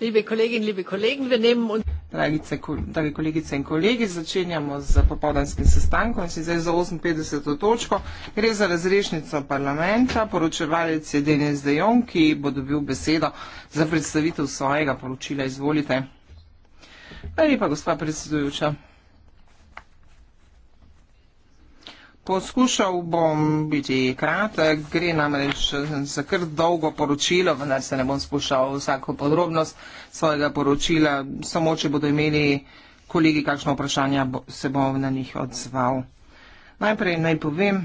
Drage kolegice in kolegi, začenjamo z popovdanskim sestankom in sicer za 58. točko. Gre za razrešnico parlamenta. Poročevalec je Denis De Jong, ki bo dobil besedo za predstavitev svojega poročila. Izvolite. Lepa, gospa predsedujoča. Poskušal bom biti kratek, gre namreč za kar dolgo poročilo, vendar se ne bom spuščal vsako podrobnost svojega poročila, samo če bodo imeli kolegi kakšno vprašanje, se bom na njih odzval. Najprej naj povem,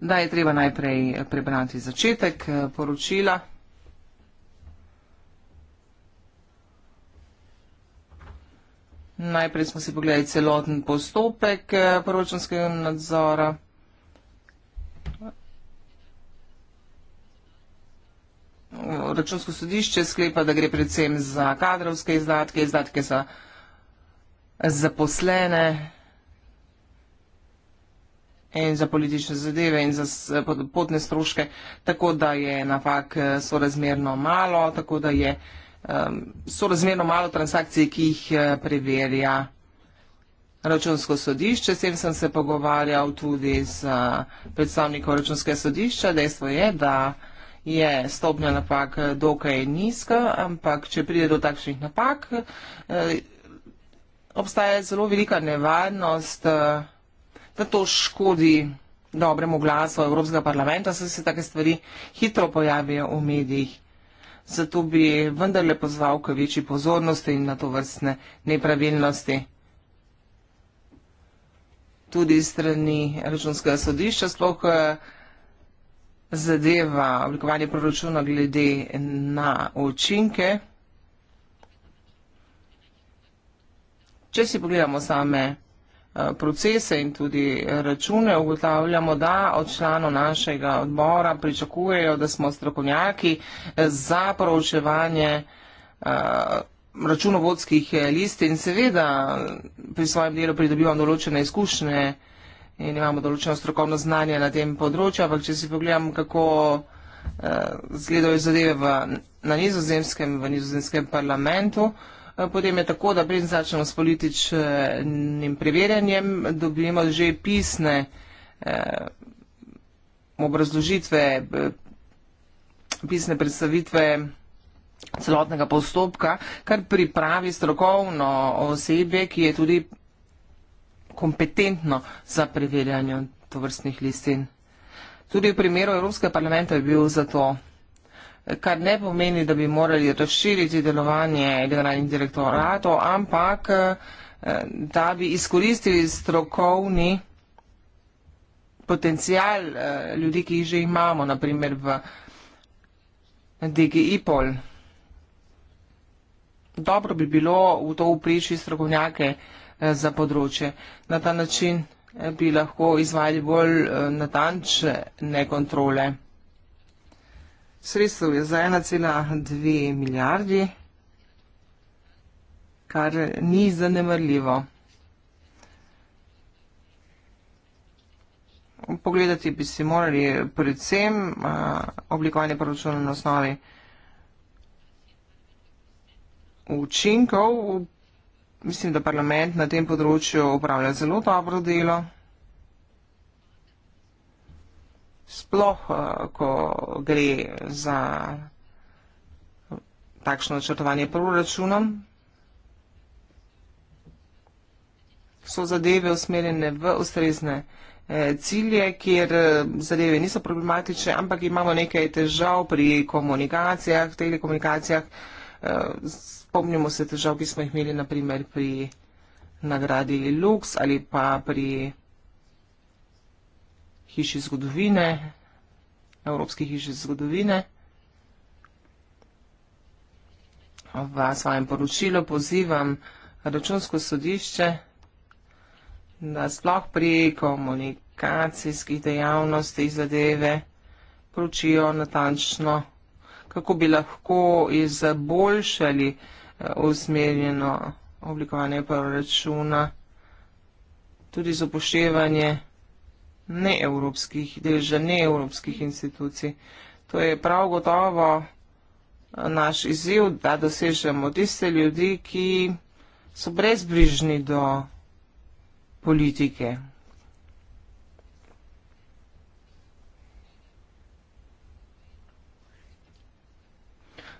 da je treba najprej prebrati začetek eh, poročila. Najprej smo si pogledali celoten postopek eh, proračunskega nadzora. Računsko sodišče sklepa, da gre predvsem za kadrovske izdatke, izdatke za zaposlene in za politične zadeve in za potne stroške, tako da je na fakt eh, sorazmerno malo, tako da je vsega um, so razmerno malo transakcij, ki jih eh, preverja računsko sodišče. S tem sem se pogovarjal tudi z eh, predstavnikom računskega sodišča. Dejstvo je, da je stopnja napak eh, dokaj nizka, ampak če pride do takšnih napak, obstaja zelo velika nevarnost, da to škodi dobremu glasu Evropskega parlamenta, saj se take stvari hitro pojavijo v medijih zato bi vendarle pozval k večji pozornosti in na to vrstne nepravilnosti. Tudi strani računskega sodišča, sploh eh, zadeva oblikovanje proračuna glede na učinke. Če si pogledamo same Eh, procese in tudi račune, ugotavljamo, da od članov našega odbora pričakujejo, da smo strokovnjaki eh, za proučevanje eh, računovodskih list in seveda pri svojem delu pridobivamo določene izkušnje in imamo določeno strokovno znanje na tem področju, ampak če si pogledam, kako zgledajo zadeve v, na nizozemskem, v nizozemskem parlamentu, Eh, potem je tako, da preden začnemo s političnim preverjanjem, dobimo že pisne eh, obrazložitve, eh, pisne predstavitve celotnega postopka, kar pripravi strokovno osebe, ki je tudi kompetentno za preverjanje tovrstnih listin. Tudi v primeru Evropskega parlamenta je bil za to kar ne pomeni, da bi morali razširiti delovanje generalnih direktoratov, ampak eh, da bi izkoristili strokovni potencijal eh, ljudi, ki jih že imamo, naprimer v DGIPOL. Dobro bi bilo v to vpriči strokovnjake eh, za področje. Na ta način bi lahko izvajali bolj natančne kontrole. Sredstev je za 1,2 milijardi, kar ni zanemrljivo. Pogledati bi si morali predvsem oblikovanje proračuna na osnovi učinkov. Mislim, da parlament na tem področju upravlja zelo dobro delo. sploh, eh, ko gre za takšno načrtovanje proračunom, so zadeve usmerjene v ustrezne eh, cilje, kjer eh, zadeve niso problematične, ampak imamo nekaj težav pri komunikacijah, telekomunikacijah. Spomnimo se težav, ki smo jih imeli naprimer pri nagradi Lux ali pa pri hiši zgodovine, Evropski hiši zgodovine. V svojem poročilu pozivam računsko sodišče, da sploh pri komunikacijskih dejavnostih zadeve poročijo natančno, kako bi lahko izboljšali eh, usmerjeno oblikovanje proračuna, tudi z upoštevanje neevropskih, del že neevropskih institucij. To je prav gotovo eh, naš izziv, da dosežemo tiste ljudi, ki so brezbrižni do politike.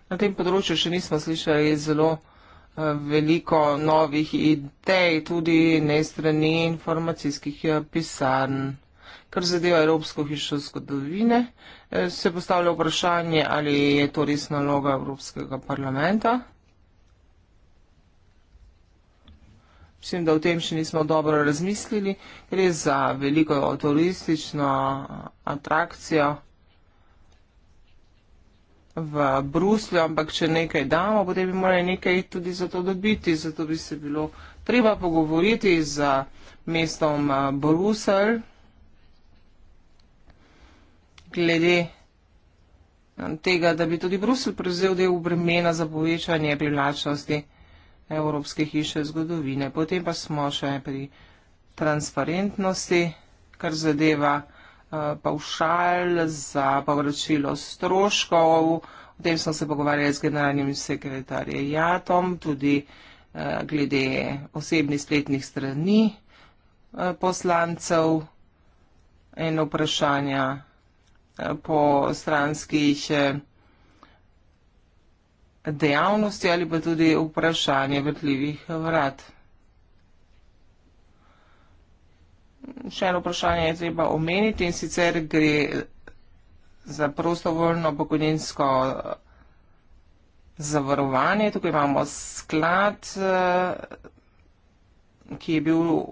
Na tem področju še nismo slišali zelo eh, veliko novih idej, tudi ne strani informacijskih eh, pisarn kar zadeva Evropsko hišo zgodovine, eh, se postavlja vprašanje, ali je to res naloga Evropskega parlamenta. Mislim, da v tem še nismo dobro razmislili. Gre za veliko turistično eh, atrakcijo v Bruslju, ampak če nekaj damo, potem bi morali nekaj tudi za to dobiti. Zato bi se bilo treba pogovoriti z mestom eh, Bruselj glede eh, tega, da bi tudi Brusel prevzel del bremena za povečanje privlačnosti Evropske hiše zgodovine. Potem pa smo še pri transparentnosti, kar zadeva eh, pavšal za povračilo stroškov. O tem smo se pogovarjali z generalnim sekretarjem, tudi eh, glede osebnih spletnih strani poslancev in vprašanja po stranskih eh, dejavnosti ali pa tudi vprašanje vrtljivih vrat. Še eno vprašanje je treba omeniti in sicer gre za prostovoljno pokojninsko eh, zavarovanje. Tukaj imamo sklad, eh, ki je bil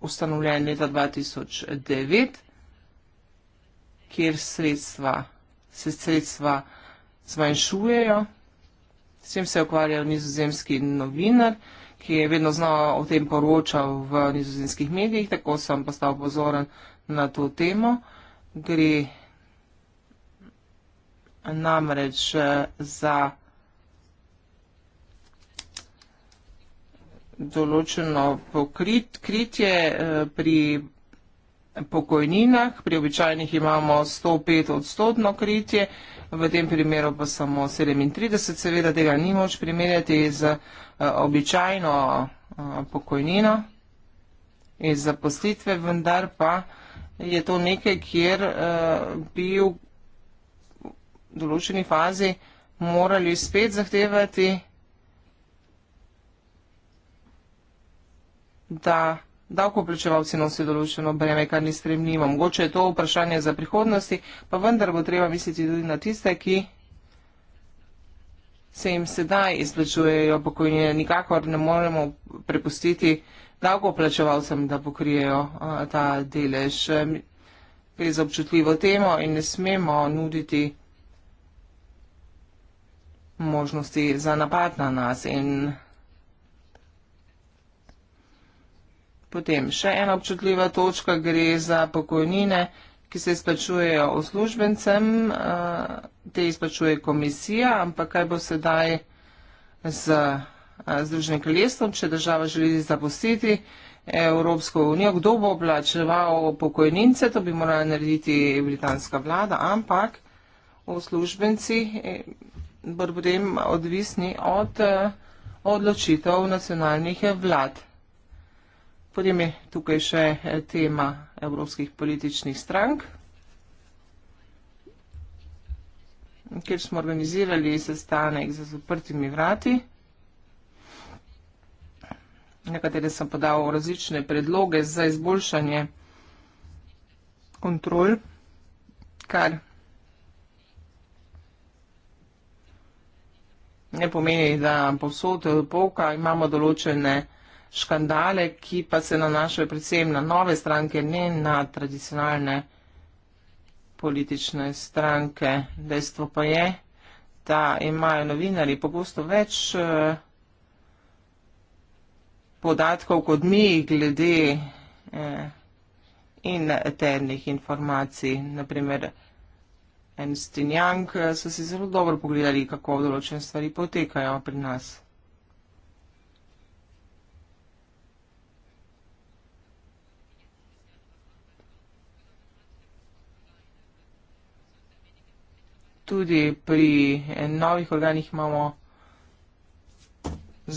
ustanovljen leta 2009 kjer sredstva, se sredstva zmanjšujejo. S tem se je ukvarjal nizozemski novinar, ki je vedno znova o tem poročal v nizozemskih medijih, tako sem postal pozoren na to temo. Gre namreč eh, za določeno pokrit, kritje eh, pri pokojninah, pri običajnih imamo 105 odstotno kritje, v tem primeru pa samo 37, seveda tega ni moč primerjati z eh, običajno eh, pokojnino iz zaposlitve, vendar pa je to nekaj, kjer eh, bi v določeni fazi morali spet zahtevati, da je davkoplačevalci nosijo določeno breme, kar ni stremljivo. Mogoče je to vprašanje za prihodnosti, pa vendar bo treba misliti tudi na tiste, ki se jim sedaj izplačujejo pokojnine. Nikakor ne moremo prepustiti davkoplačevalcem, da pokrijejo a, ta delež. Gre za občutljivo temo in ne smemo nuditi možnosti za napad na nas. In, Potem še ena občutljiva točka gre za pokojnine, ki se izplačujejo uslužbencem, eh, te izplačuje komisija, ampak kaj bo sedaj z eh, Združenim kraljestvom, če država želi zapustiti Evropsko unijo, kdo bo plačeval pokojnince, to bi morala narediti britanska vlada, ampak uslužbenci eh, bodo potem odvisni od odločitev nacionalnih vlad. Potem je tukaj še eh, tema evropskih političnih strank, kjer smo organizirali sestanek za zaprtimi vrati, na katere sem podal različne predloge za izboljšanje kontrol, kar ne pomeni, da povsod polka imamo določene vrati, škandale, ki pa se nanašajo predvsem na nove stranke, ne na tradicionalne politične stranke. Dejstvo pa je, da imajo novinari pogosto več eh, podatkov kot mi glede eh, in eternih informacij. Naprimer, Ernst in Young eh, so si zelo dobro pogledali, kako določene stvari potekajo pri nas. tudi pri novih organih imamo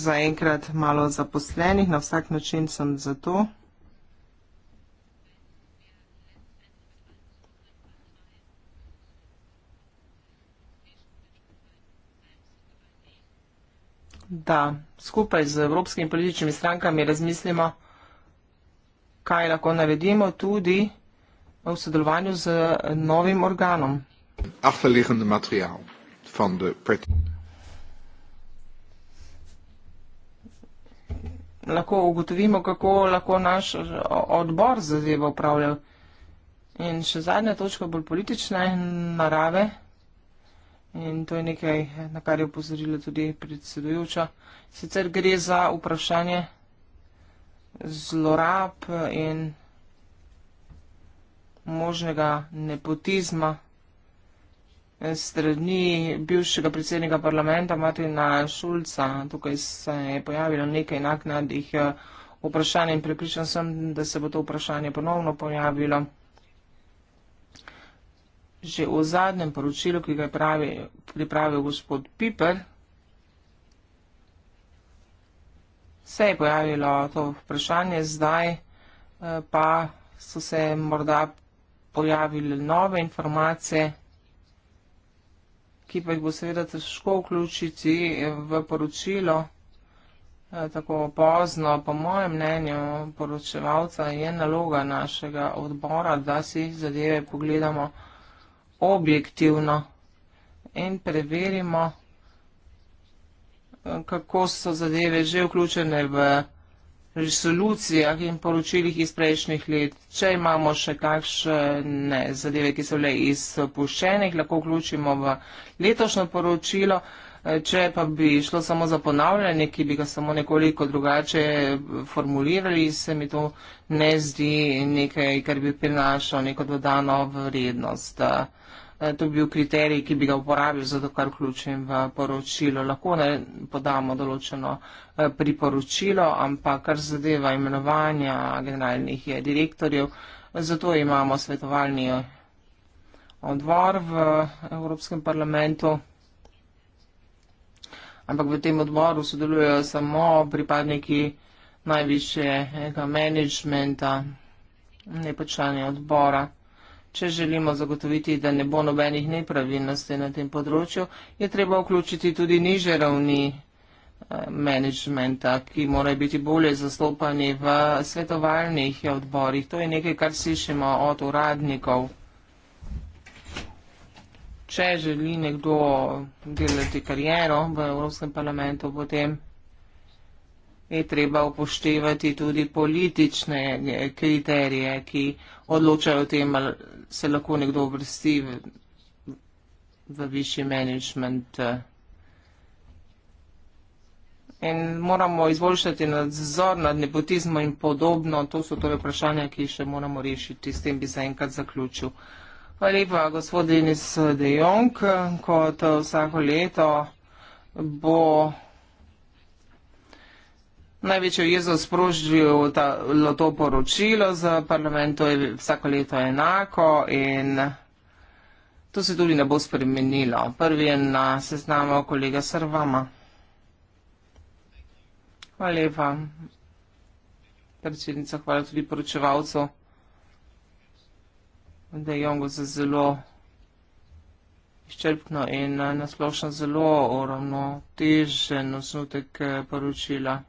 zaenkrat malo zaposlenih, na vsak način sem za to. Da, skupaj z evropskimi političnimi strankami razmislimo, kaj lahko naredimo tudi v sodelovanju z novim organom achterliggende materiaal van de pretender. Lahko ugotovimo, kako lahko naš odbor zazeva upravljal. In še zadnja točka bolj politične narave. In to je nekaj, na kar je upozorila tudi predsedujoča. Sicer gre za vprašanje zlorab in možnega nepotizma strani bivšega predsednika parlamenta Martina Šulca. Tukaj se je pojavilo nekaj naknadih eh, vprašanj in prepričan sem, da se bo to vprašanje ponovno pojavilo. Že v zadnjem poročilu, ki ga je pravi, pripravil gospod Piper, se je pojavilo to vprašanje, zdaj eh, pa so se morda pojavile nove informacije ki pa jih bo seveda težko vključiti v poročilo. Eh, tako pozno, po mojem mnenju, poročevalca je naloga našega odbora, da si zadeve pogledamo objektivno in preverimo, eh, kako so zadeve že vključene v poročilo resolucijah in poročilih iz prejšnjih let, če imamo še kakšne zadeve, ki so bile izpuščene, jih lahko vključimo v letošnjo poročilo. Če pa bi šlo samo za ponavljanje, ki bi ga samo nekoliko drugače formulirali, se mi to ne zdi nekaj, kar bi prinašal neko dodano vrednost. Eh, to bil kriterij, ki bi ga uporabil, zato kar vključim v poročilo. Lahko ne podamo določeno eh, priporočilo, ampak kar zadeva imenovanja generalnih direktorjev, zato imamo svetovalni eh, odbor v Evropskem parlamentu. Ampak v tem odboru sodelujejo samo pripadniki najvišjega menedžmenta, ne pa člani odbora. Če želimo zagotoviti, da ne bo nobenih nepravilnosti na tem področju, je treba vključiti tudi niže ravni eh, menedžmenta, ki morajo biti bolje zastopani v svetovalnih odborih. To je nekaj, kar slišimo od uradnikov. Če želi nekdo delati kariero v Evropskem parlamentu, potem je treba upoštevati tudi politične kriterije, ki odločajo o tem, ali se lahko nekdo vrsti v, v višji management. In moramo izboljšati nadzor nad nepotizmom in podobno. To so torej vprašanja, ki še moramo rešiti. S tem bi zaenkrat zaključil. Hvala lepa, gospod Denis De Jong. Kot vsako leto bo. Največjo jezo sprožilo to poročilo za parlament, to je vsako leto enako in to se tudi ne bo spremenilo. Prvi je na seznamu kolega Srvama. Hvala lepa. Predsednica, hvala tudi poročevalcu. Da je Jongo za zelo izčrpno in nasplošno zelo uravnotežen osnutek eh, poročila.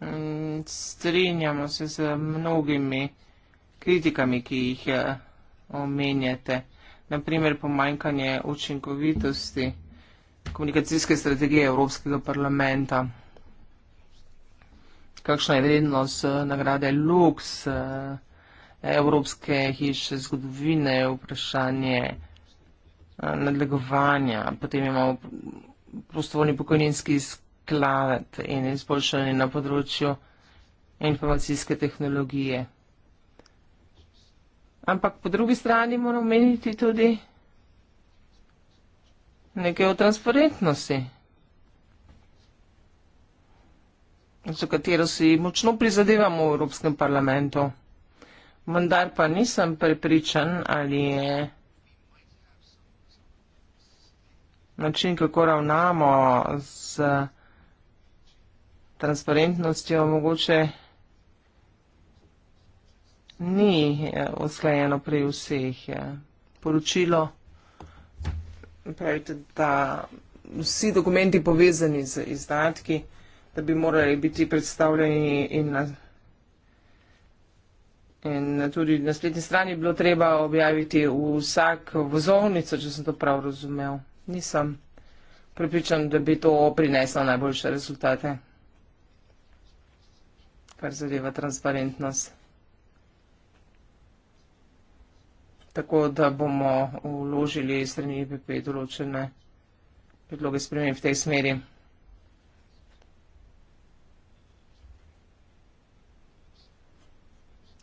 Mm, strinjamo se z mnogimi kritikami, ki jih eh, omenjate. Naprimer, pomanjkanje učinkovitosti komunikacijske strategije Evropskega parlamenta. Kakšna je vrednost eh, nagrade Lux, eh, Evropske hiše zgodovine, vprašanje nadlegovanja. Potem imamo prostovoljni pokojninski sklad klavet in izboljšanje na področju informacijske tehnologije. Ampak po drugi strani moramo meniti tudi nekaj o transparentnosti, za katero si močno prizadevamo v Evropskem parlamentu. Vendar pa nisem prepričan, ali je način, kako ravnamo z informacijami, transparentnostjo mogoče ni ja, usklajeno pri vseh. Ja. Poročilo pravite, da vsi dokumenti povezani z izdatki, da bi morali biti predstavljeni in na, in tudi na spletni strani bilo treba objaviti vsak vozovnico, če sem to prav razumel. Nisem prepričan, da bi to prineslo najboljše rezultate kar zadeva transparentnost. Tako da bomo uložili strani IPP e določene predloge spremenj v tej smeri.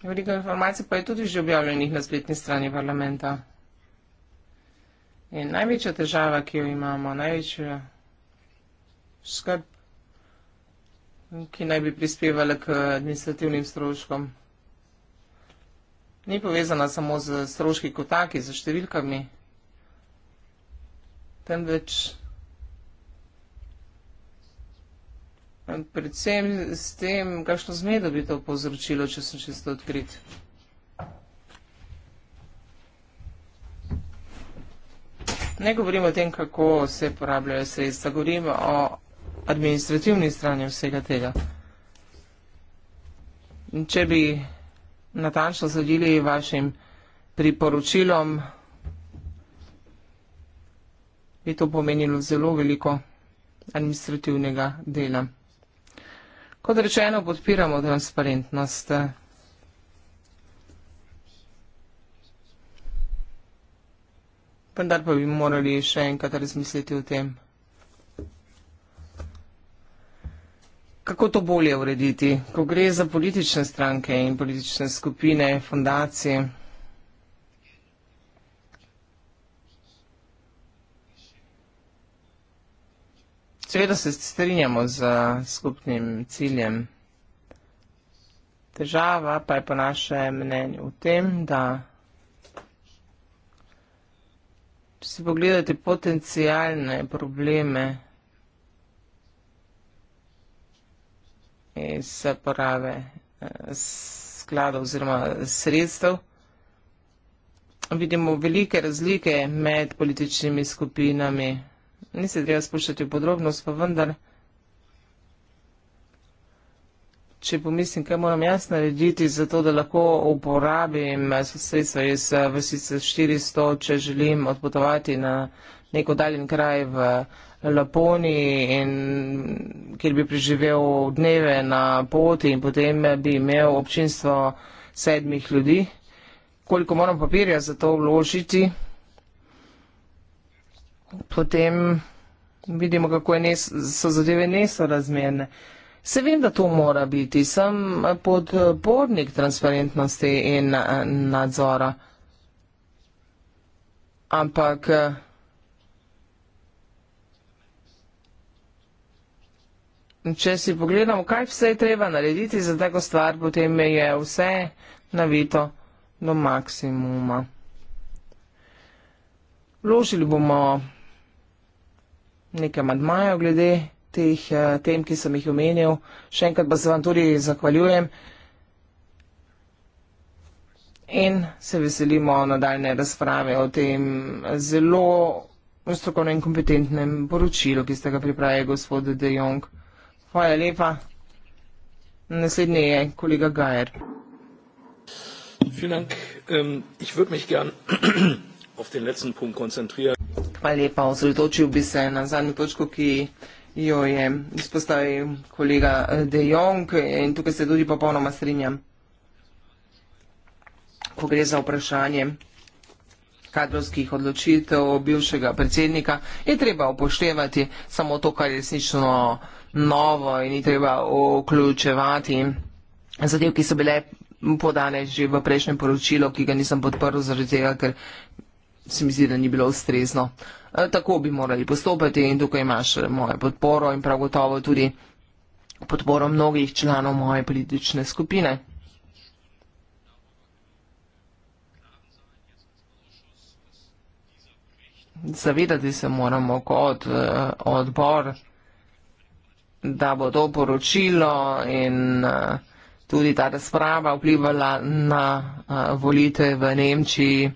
Veliko informacij pa je tudi že objavljenih na spletni strani parlamenta. In največja težava, ki jo imamo, največja skrb ki naj bi prispevala k administrativnim stroškom. Ni povezana samo z stroški kot taki, z številkami, temveč predvsem s tem, kakšno zmedo bi to povzročilo, če sem čisto odkrit. Ne govorim o tem, kako se porabljajo sredstva, govorim o administrativni strani vsega tega. In če bi natančno sledili vašim priporočilom, bi to pomenilo zelo veliko administrativnega dela. Kot rečeno, podpiramo transparentnost. Vendar pa bi morali še enkrat razmisliti o tem. kako to bolje urediti, ko gre za politične stranke in politične skupine, fundacije? Seveda se strinjamo z skupnim ciljem. Težava pa je po našem mnenju v tem, da če si pogledate potencijalne probleme, iz porabe eh, skladov oziroma sredstev. Vidimo velike razlike med političnimi skupinami. Ni se treba spuščati v podrobnost, pa vendar, če pomislim, kaj moram jaz narediti, zato da lahko uporabim sredstva iz eh, vrstice 400, če želim odpotovati na nek oddaljen kraj v Laponi in kjer bi preživel dneve na poti in potem bi imel občinstvo sedmih ljudi. Koliko moram papirja za to vložiti? Potem vidimo, kako nes, so zadeve nesorazmerne. Se vem, da to mora biti. Sem podpornik transparentnosti in nadzora. Ampak če si pogledamo, kaj vse je treba narediti za tako stvar, potem je vse navito do maksimuma. Vložili bomo nekaj madmajev glede teh eh, tem, ki sem jih omenil. Še enkrat pa se vam tudi zahvaljujem in se veselimo nadaljne razprave o tem zelo strokovno in kompetentnem poročilu, ki ste ga pripravili gospod De Jong. Hvala lepa. Naslednji je kolega Gajer. Ähm, Hvala lepa. Osredotočil bi se na zadnjo točko, ki jo je izpostavil kolega eh, De Jong in tukaj se tudi popolnoma strinjam. Ko gre za vprašanje kadrovskih odločitev bivšega predsednika, je treba upoštevati samo to, kar je resnično novo in ni treba vključevati zadev, ki so bile podane že v prejšnjem poročilu, ki ga nisem podprl zaradi tega, ker se mi zdi, da ni bilo ustrezno. E, tako bi morali postopati in tukaj imaš e, mojo podporo in prav gotovo tudi podporo mnogih članov moje politične skupine. Zavedati se moramo kot e, odbor. Uh, da bo to poročilo in eh, tudi ta razprava vplivala na eh, volitve v Nemčiji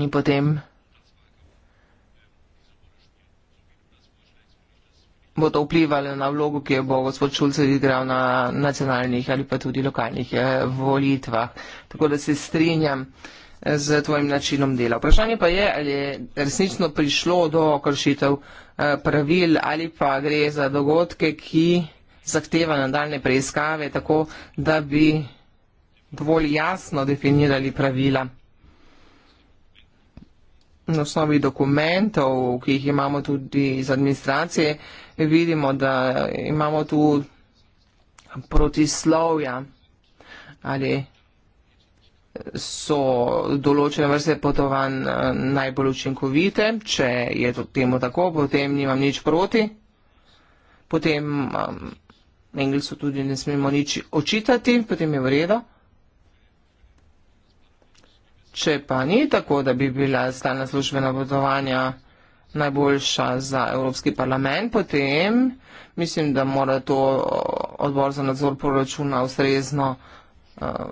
in potem bo to vplivalo na vlogo, ki jo bo gospod Šulc odigral na nacionalnih ali pa tudi lokalnih eh, volitvah. Tako da se strinjam z tvojim načinom dela. Vprašanje pa je, ali je resnično prišlo do kršitev eh, pravil ali pa gre za dogodke, ki zahteva nadaljne preiskave, tako da bi dovolj jasno definirali pravila. Na osnovi dokumentov, ki jih imamo tudi iz administracije, vidimo, da imamo tu protislovja ali so določene vrste potovanj eh, najbolj učinkovite. Če je to temu tako, potem nimam nič proti. Potem um, eh, Englesu tudi ne smemo nič očitati, potem je v redu. Če pa ni tako, da bi bila stalna službena potovanja najboljša za Evropski parlament, potem mislim, da mora to eh, odbor za nadzor proračuna ustrezno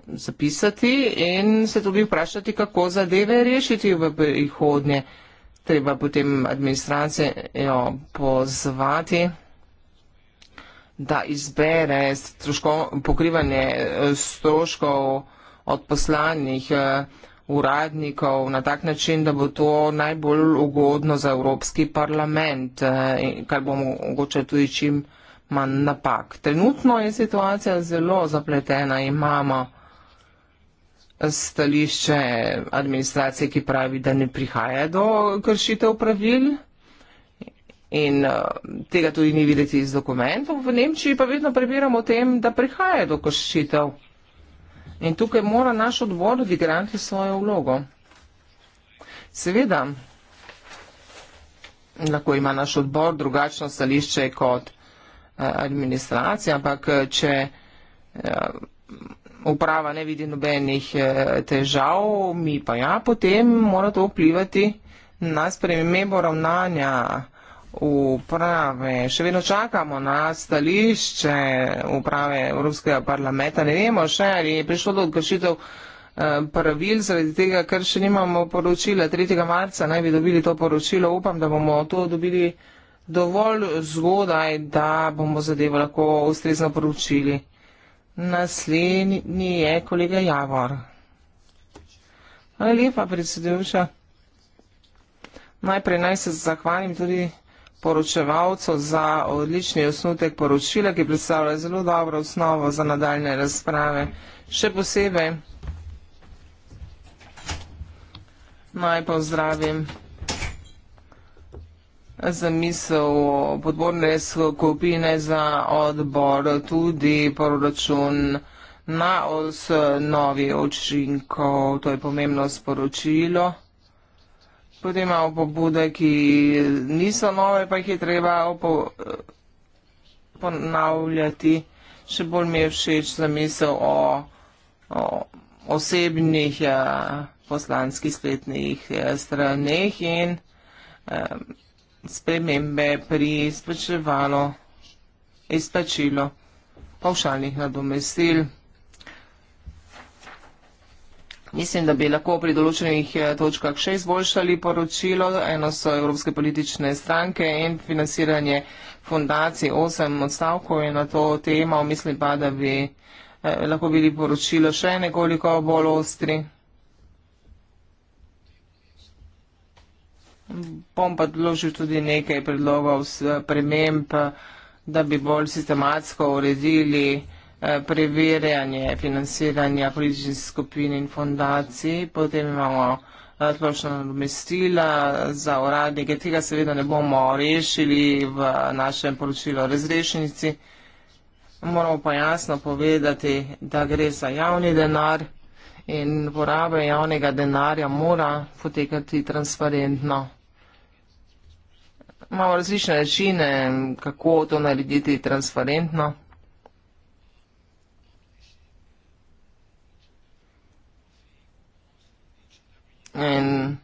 zapisati in se tudi vprašati, kako zadeve rešiti v prihodnje. Treba potem administracije jo pozvati, da izbere stroško, pokrivanje e, stroškov od poslanih e, uradnikov na tak način, da bo to najbolj ugodno za Evropski parlament, e, kar bomo mogoče tudi čim prej manj napak. Trenutno je situacija zelo zapletena. Imamo stališče administracije, ki pravi, da ne prihaja do kršitev pravil. In uh, tega tudi ni videti iz dokumentov. V Nemčiji pa vedno prebiramo o tem, da prihaja do kršitev. In tukaj mora naš odbor odigrati svojo vlogo. Seveda, lahko ima naš odbor drugačno stališče kot administracije, ampak eh, če eh, uprava ne vidi nobenih eh, težav, mi pa ja, potem mora to vplivati na spremembo ravnanja uprave. Še vedno čakamo na stališče uprave Evropskega parlamenta. Ne vemo še, ali je prišlo do kršitev pravil, zaradi tega, ker še nimamo poročila. 3. marca naj bi dobili to poročilo. Upam, da bomo to dobili dovolj zgodaj, da bomo zadevo lahko ustrezno poročili. Naslednji je kolega Javor. Hvala lepa, predsedujoča. Najprej naj se zahvalim tudi poročevalcu za odlični osnutek poročila, ki predstavlja zelo dobro osnovo za nadaljne razprave. Še posebej naj pozdravim. Po zamisel podborne skupine za odbor tudi proračun na osnovi očinkov. To je pomembno sporočilo. Potem imamo pobude, ki niso nove, pa jih je treba ponavljati. Še bolj mi je všeč zamisel o, o osebnih eh, poslanskih spletnih eh, straneh in eh, spremembe pri izplačevalo, izplačilo pavšalnih nadomestil. Mislim, da bi lahko pri določenih eh, točkah še izboljšali poročilo. Eno so evropske politične stranke in financiranje fundacij osem odstavkov je na to temo. Mislim pa, da bi eh, lahko bili poročilo še nekoliko bolj ostri. bom pa odložil tudi nekaj predlogov s prememb, da bi bolj sistematsko uredili eh, preverjanje financiranja političnih skupin in fondacij. Potem imamo eh, splošno nadomestila za uradnike. Tega seveda ne bomo rešili v našem poročilu o razrešnici. Moramo pa jasno povedati, da gre za javni denar in poraba javnega denarja mora potekati transparentno imamo različne načine, kako to narediti transparentno. In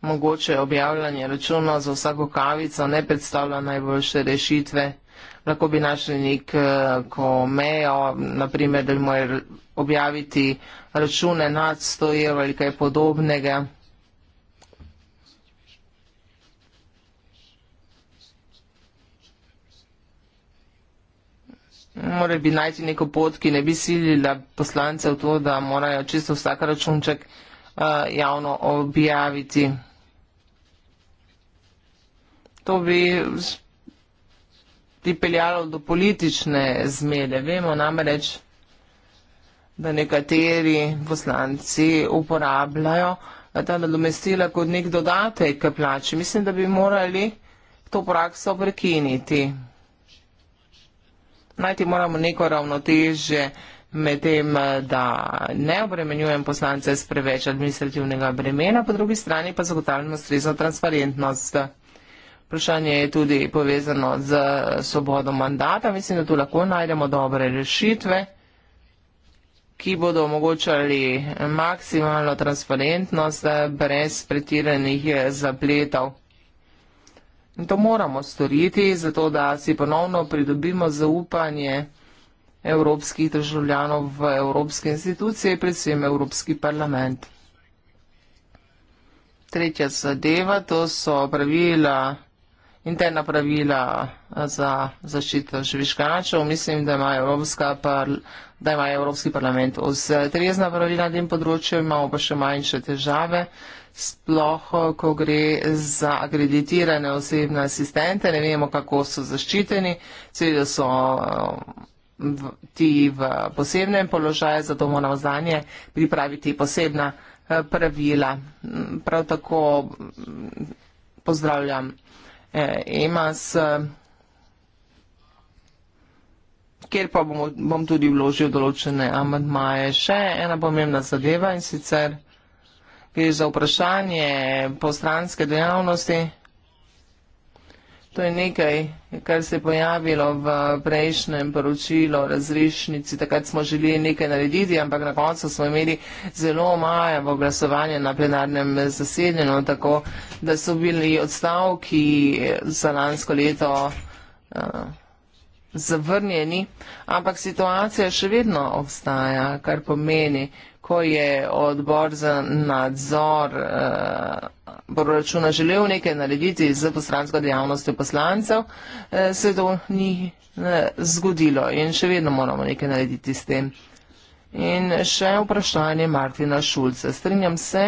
mogoče objavljanje računa za vsako kavico ne predstavlja najboljše rešitve. Lahko bi našli nek eh, ko mejo, naprimer, da bi morali objaviti račune nad 100 evrov ali kaj podobnega. Morajo bi najti neko pot, ki ne bi silila poslance v to, da morajo čisto vsak računček uh, javno objaviti. To bi pripeljalo do politične zmede. Vemo namreč, da nekateri poslanci uporabljajo uh, ta nadomestila kot nek dodatek k plači. Mislim, da bi morali to prakso prekiniti najti moramo neko ravnotežje med tem, eh, da ne obremenjujem poslance s preveč administrativnega bremena, po drugi strani pa zagotavljamo strezno transparentnost. Vprašanje je tudi povezano z svobodo mandata. Mislim, da tu lahko najdemo dobre rešitve, ki bodo omogočali maksimalno transparentnost eh, brez pretiranih zapletov. In to moramo storiti, zato da si ponovno pridobimo zaupanje evropskih državljanov v evropske institucije, predvsem Evropski parlament. Tretja zadeva, to so pravila, interna pravila eh, za zaščito žviškačev. Mislim, da ima, par, da ima Evropski parlament vse trezna pravila na tem področju, imamo pa še manjše težave sploh, eh, ko gre za akreditirane osebne asistente, ne vemo, kako so zaščiteni, seveda so eh, v, ti v posebnem položaju, zato moramo zanje pripraviti posebna eh, pravila. Prav tako mm, pozdravljam EMAS, kjer pa bom, bom tudi vložil določene amadmaje. Še ena pomembna zadeva in sicer Gre za vprašanje postranske dejavnosti. To je nekaj, kar se je pojavilo v prejšnjem poročilu o razrešnici. Takrat smo želeli nekaj narediti, ampak na koncu smo imeli zelo majavo glasovanje na plenarnem zasedanju, tako da so bili odstavki za lansko leto uh, zavrnjeni. Ampak situacija še vedno obstaja, kar pomeni, ko je odbor za nadzor eh, proračuna želel nekaj narediti z poslansko dejavnostjo poslancev, eh, se to ni zgodilo in še vedno moramo nekaj narediti s tem. In še vprašanje Martina Šulca. Strinjam se,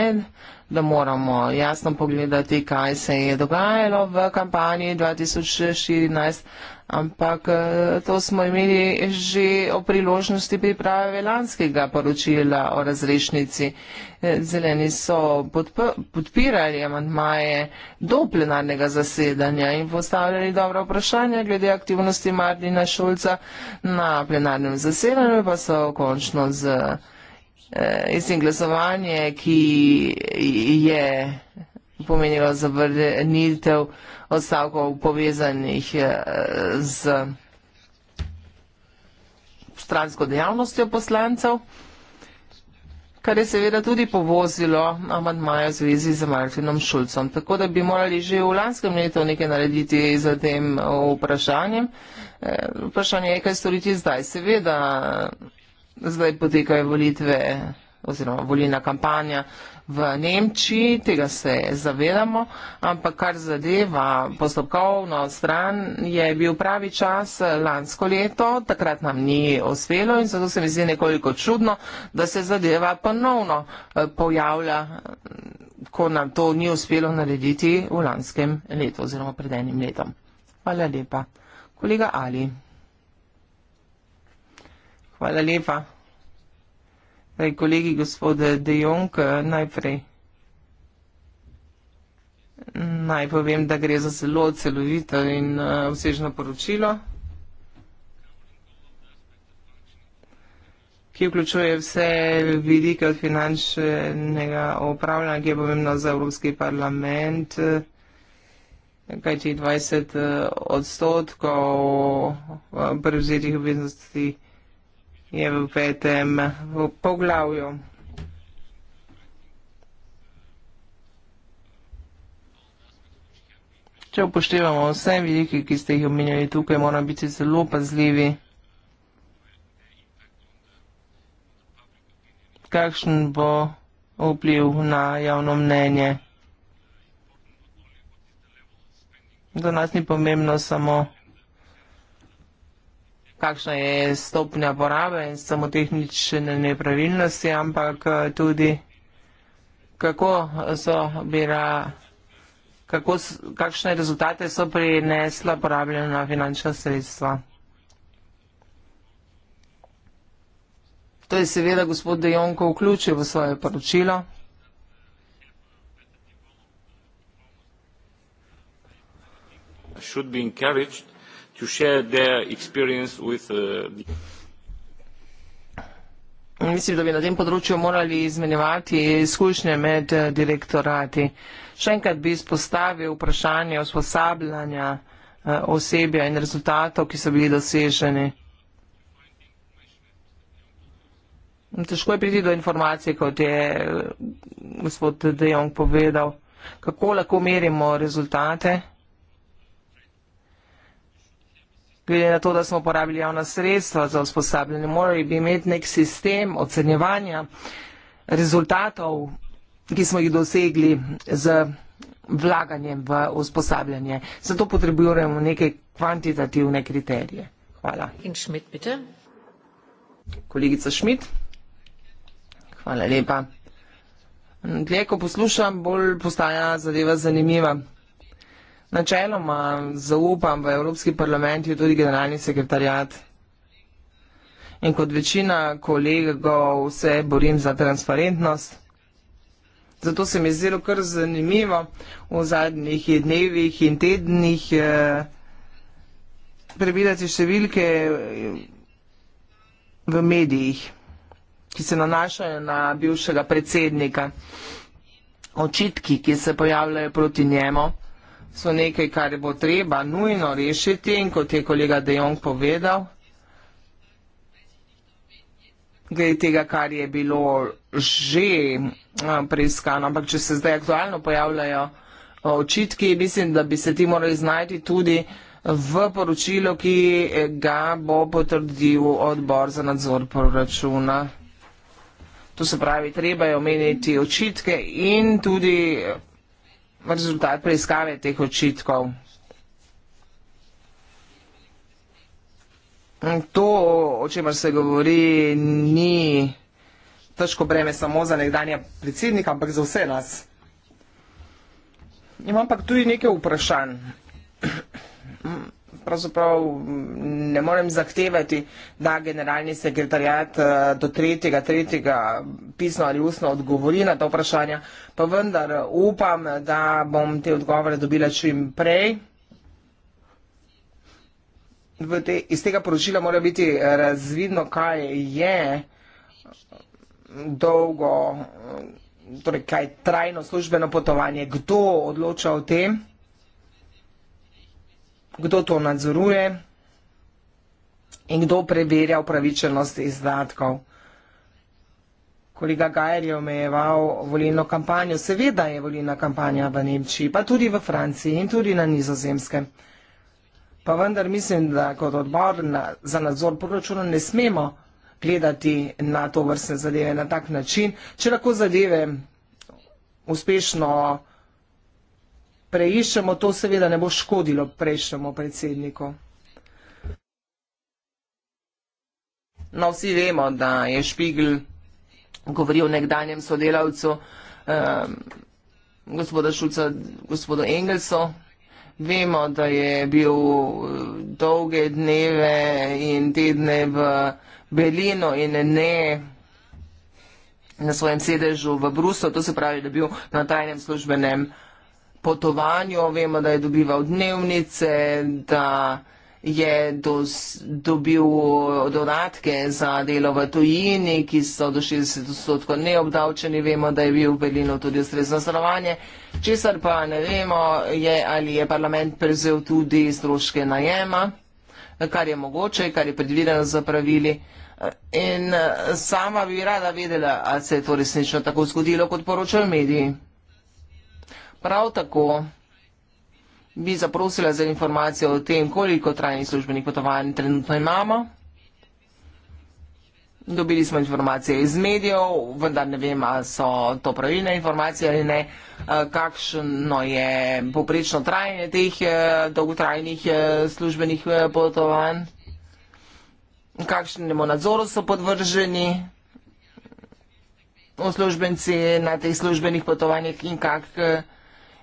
da moramo jasno pogledati, kaj se je dogajalo v kampanji 2014 ampak eh, to smo imeli že o priložnosti priprave lanskega poročila o razrešnici. Eh, zeleni so podpirali amantmaje do plenarnega zasedanja in postavljali dobro vprašanje glede aktivnosti Mardina Šulca na plenarnem zasedanju, pa so končno z eh, izim glasovanje, ki je pomenilo zavrnitev odstavkov povezanih eh, z stransko dejavnostjo poslancev, kar je seveda tudi povozilo amadmaja v zvezi z Martinom Šulcom. Tako da bi morali že v lanskem letu nekaj narediti za tem eh, vprašanjem. Eh, vprašanje je, kaj storiti zdaj. Seveda zdaj potekajo volitve oziroma volilna kampanja v Nemčiji, tega se zavedamo, ampak kar zadeva postopkovno stran, je bil pravi čas lansko leto, takrat nam ni osvelo in zato se mi zdi nekoliko čudno, da se zadeva ponovno eh, pojavlja, ko nam to ni uspelo narediti v lanskem letu oziroma pred enim letom. Hvala lepa. Kolega Ali. Hvala lepa. Zdaj, kolegi gospod De Jong, najprej naj povem, da gre za zelo celovito in vsežno eh, poročilo, ki vključuje vse vidike od finančnega upravljanja, ki je pomembno za Evropski parlament, eh, kajti 20 eh, odstotkov prevzetih obveznosti vsežno poročilo je v petem poglavju. Če upoštevamo vse vidike, ki ste jih omenjali tukaj, moramo biti zelo pazljivi. Kakšen bo vpliv na javno mnenje? Za nas ni pomembno samo kakšna je stopnja porabe in samo tehnične nepravilnosti, ampak eh, tudi kako so bila, kako, kakšne rezultate so prinesla porabljena finančna sredstva. To je seveda gospod De Jonko vključil v svoje poročilo. Should be encouraged to share their experience with uh, Mislim, da bi na tem področju morali izmenjevati izkušnje med eh, direktorati. Še enkrat bi izpostavil vprašanje usposabljanja eh, osebja in rezultatov, ki so bili doseženi. Težko je priti do informacije, kot je eh, gospod Dejong povedal. Kako lahko merimo rezultate? glede na to, da smo porabili javna sredstva za usposabljanje, morali bi imeti nek sistem ocenjevanja rezultatov, ki smo jih dosegli z vlaganjem v usposabljanje. Zato potrebujemo neke kvantitativne kriterije. Hvala. In Šmit, pite. Kolegica Šmit. Hvala lepa. Dlje, ko poslušam, bolj postaja zadeva zanimiva načeloma zaupam v Evropski parlament in tudi generalni sekretarjat. In kot večina kolegov se borim za transparentnost. Zato se mi je zelo kar zanimivo v zadnjih dnevih in tednih eh, prebirati številke eh, v medijih, ki se nanašajo na bivšega predsednika, očitki, ki se pojavljajo proti njemu so nekaj, kar bo treba nujno rešiti in kot je kolega Dejong povedal, glede tega, kar je bilo že preiskano, ampak če se zdaj aktualno pojavljajo očitki, mislim, da bi se ti morali znajti tudi v poročilu, ki ga bo potrdil odbor za nadzor proračuna. To se pravi, treba je omeniti očitke in tudi rezultat preiskave teh očitkov. To, o čemer se govori, ni težko breme samo za nekdanja predsednika, ampak za vse nas. Imam pa tudi nekaj vprašanj pravzaprav mm, ne morem zahtevati, da generalni sekretarjat eh, do tretjega, tretjega pisno ali ustno odgovori na to vprašanje, pa vendar eh, upam, da bom te odgovore dobila čim prej. Te, iz tega poročila mora biti eh, razvidno, kaj je dolgo, torej kaj trajno službeno potovanje, kdo odloča o tem kdo to nadzoruje in kdo preverja upravičenost izdatkov. Kolega Gajer je omejeval volilno kampanjo. Seveda je volilna kampanja v Nemčiji, pa tudi v Franciji in tudi na nizozemskem. Pa vendar mislim, da kot odbor na, za nadzor proračuna ne smemo gledati na to vrste zadeve na tak način, če lahko zadeve uspešno preiščemo, to seveda ne bo škodilo prejšnjemu predsedniku. No, vsi vemo, da je Špigl govoril o nekdanjem sodelavcu eh, gospoda Šulca, gospodu Engelsu. Vemo, da je bil eh, dolge dneve in tedne v Berlino in ne na svojem sedežu v Bruslu, to se pravi, da je bil na tajnem službenem eh, potovanju, vemo, da je dobival dnevnice, da je dos, dobil dodatke za delo v tujini, ki so do 60 odstotkov neobdavčeni, vemo, da je bil v Berlinu tudi ustrezno zdravljanje. Česar pa ne vemo, je, ali je parlament prevzel tudi stroške najema, kar je mogoče, kar je predvideno za pravili. In sama bi rada vedela, ali se je to resnično tako zgodilo, kot poročajo mediji. Prav tako bi zaprosila za informacijo o tem, koliko trajnih službenih potovanj trenutno imamo. Dobili smo informacije iz medijev, vendar ne vem, ali so to pravilne informacije ali ne, kakšno je poprečno trajanje teh dolgotrajnih službenih potovanj, kakšnemu nadzoru so podvrženi uslužbenci na teh službenih potovanjih in kakšnemu nadzoru so podvrženi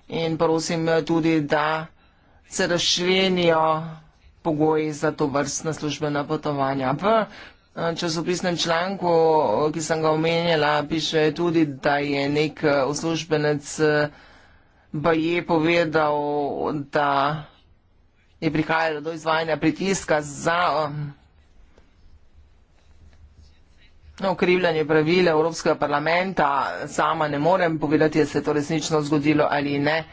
in prosim tudi, da se razšljenijo pogoji za to vrstne službene potovanja. V eh, časopisnem članku, eh, ki sem ga omenjala, piše tudi, da je nek eh, uslužbenec Baje povedal, da je prihajalo do izvajanja pritiska za No, krivljanje pravile Evropskega parlamenta, sama ne morem povedati, da se je to resnično zgodilo ali ne.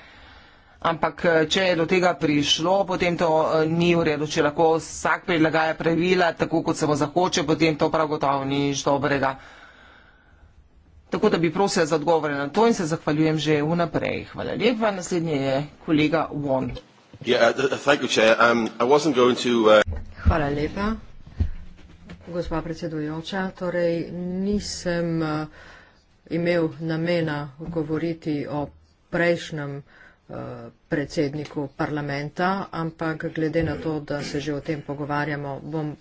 Ampak, če je do tega prišlo, potem to eh, ni v redu. Če lahko vsak prilagaja pravila tako, kot se mu zahoče, potem to prav gotovo ni nič dobrega. Tako da bi prosila za odgovore na to in se zahvaljujem že vnaprej. Hvala lepa. Naslednji je kolega Won. Yeah, uh, you, um, to, uh... Hvala lepa. Gospa predsedujoča, torej nisem eh, imel namena govoriti o prejšnjem eh, predsedniku parlamenta, ampak glede na to, da se že o tem pogovarjamo, bom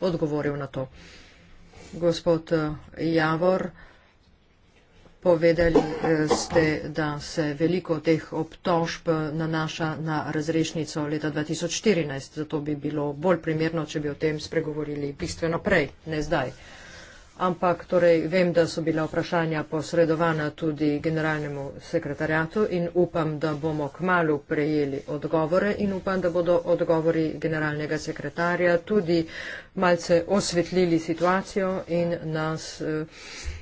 odgovoril na to. Gospod eh, Javor, Povedali eh, ste, da se veliko teh obtožb eh, nanaša na razrešnico leta 2014, zato bi bilo bolj primerno, če bi o tem spregovorili bistveno prej, ne zdaj. Ampak torej, vem, da so bila vprašanja posredovana tudi generalnemu sekretarjatu in upam, da bomo k malu prejeli odgovore in upam, da bodo odgovori generalnega sekretarja tudi malce osvetlili situacijo in nas. Eh,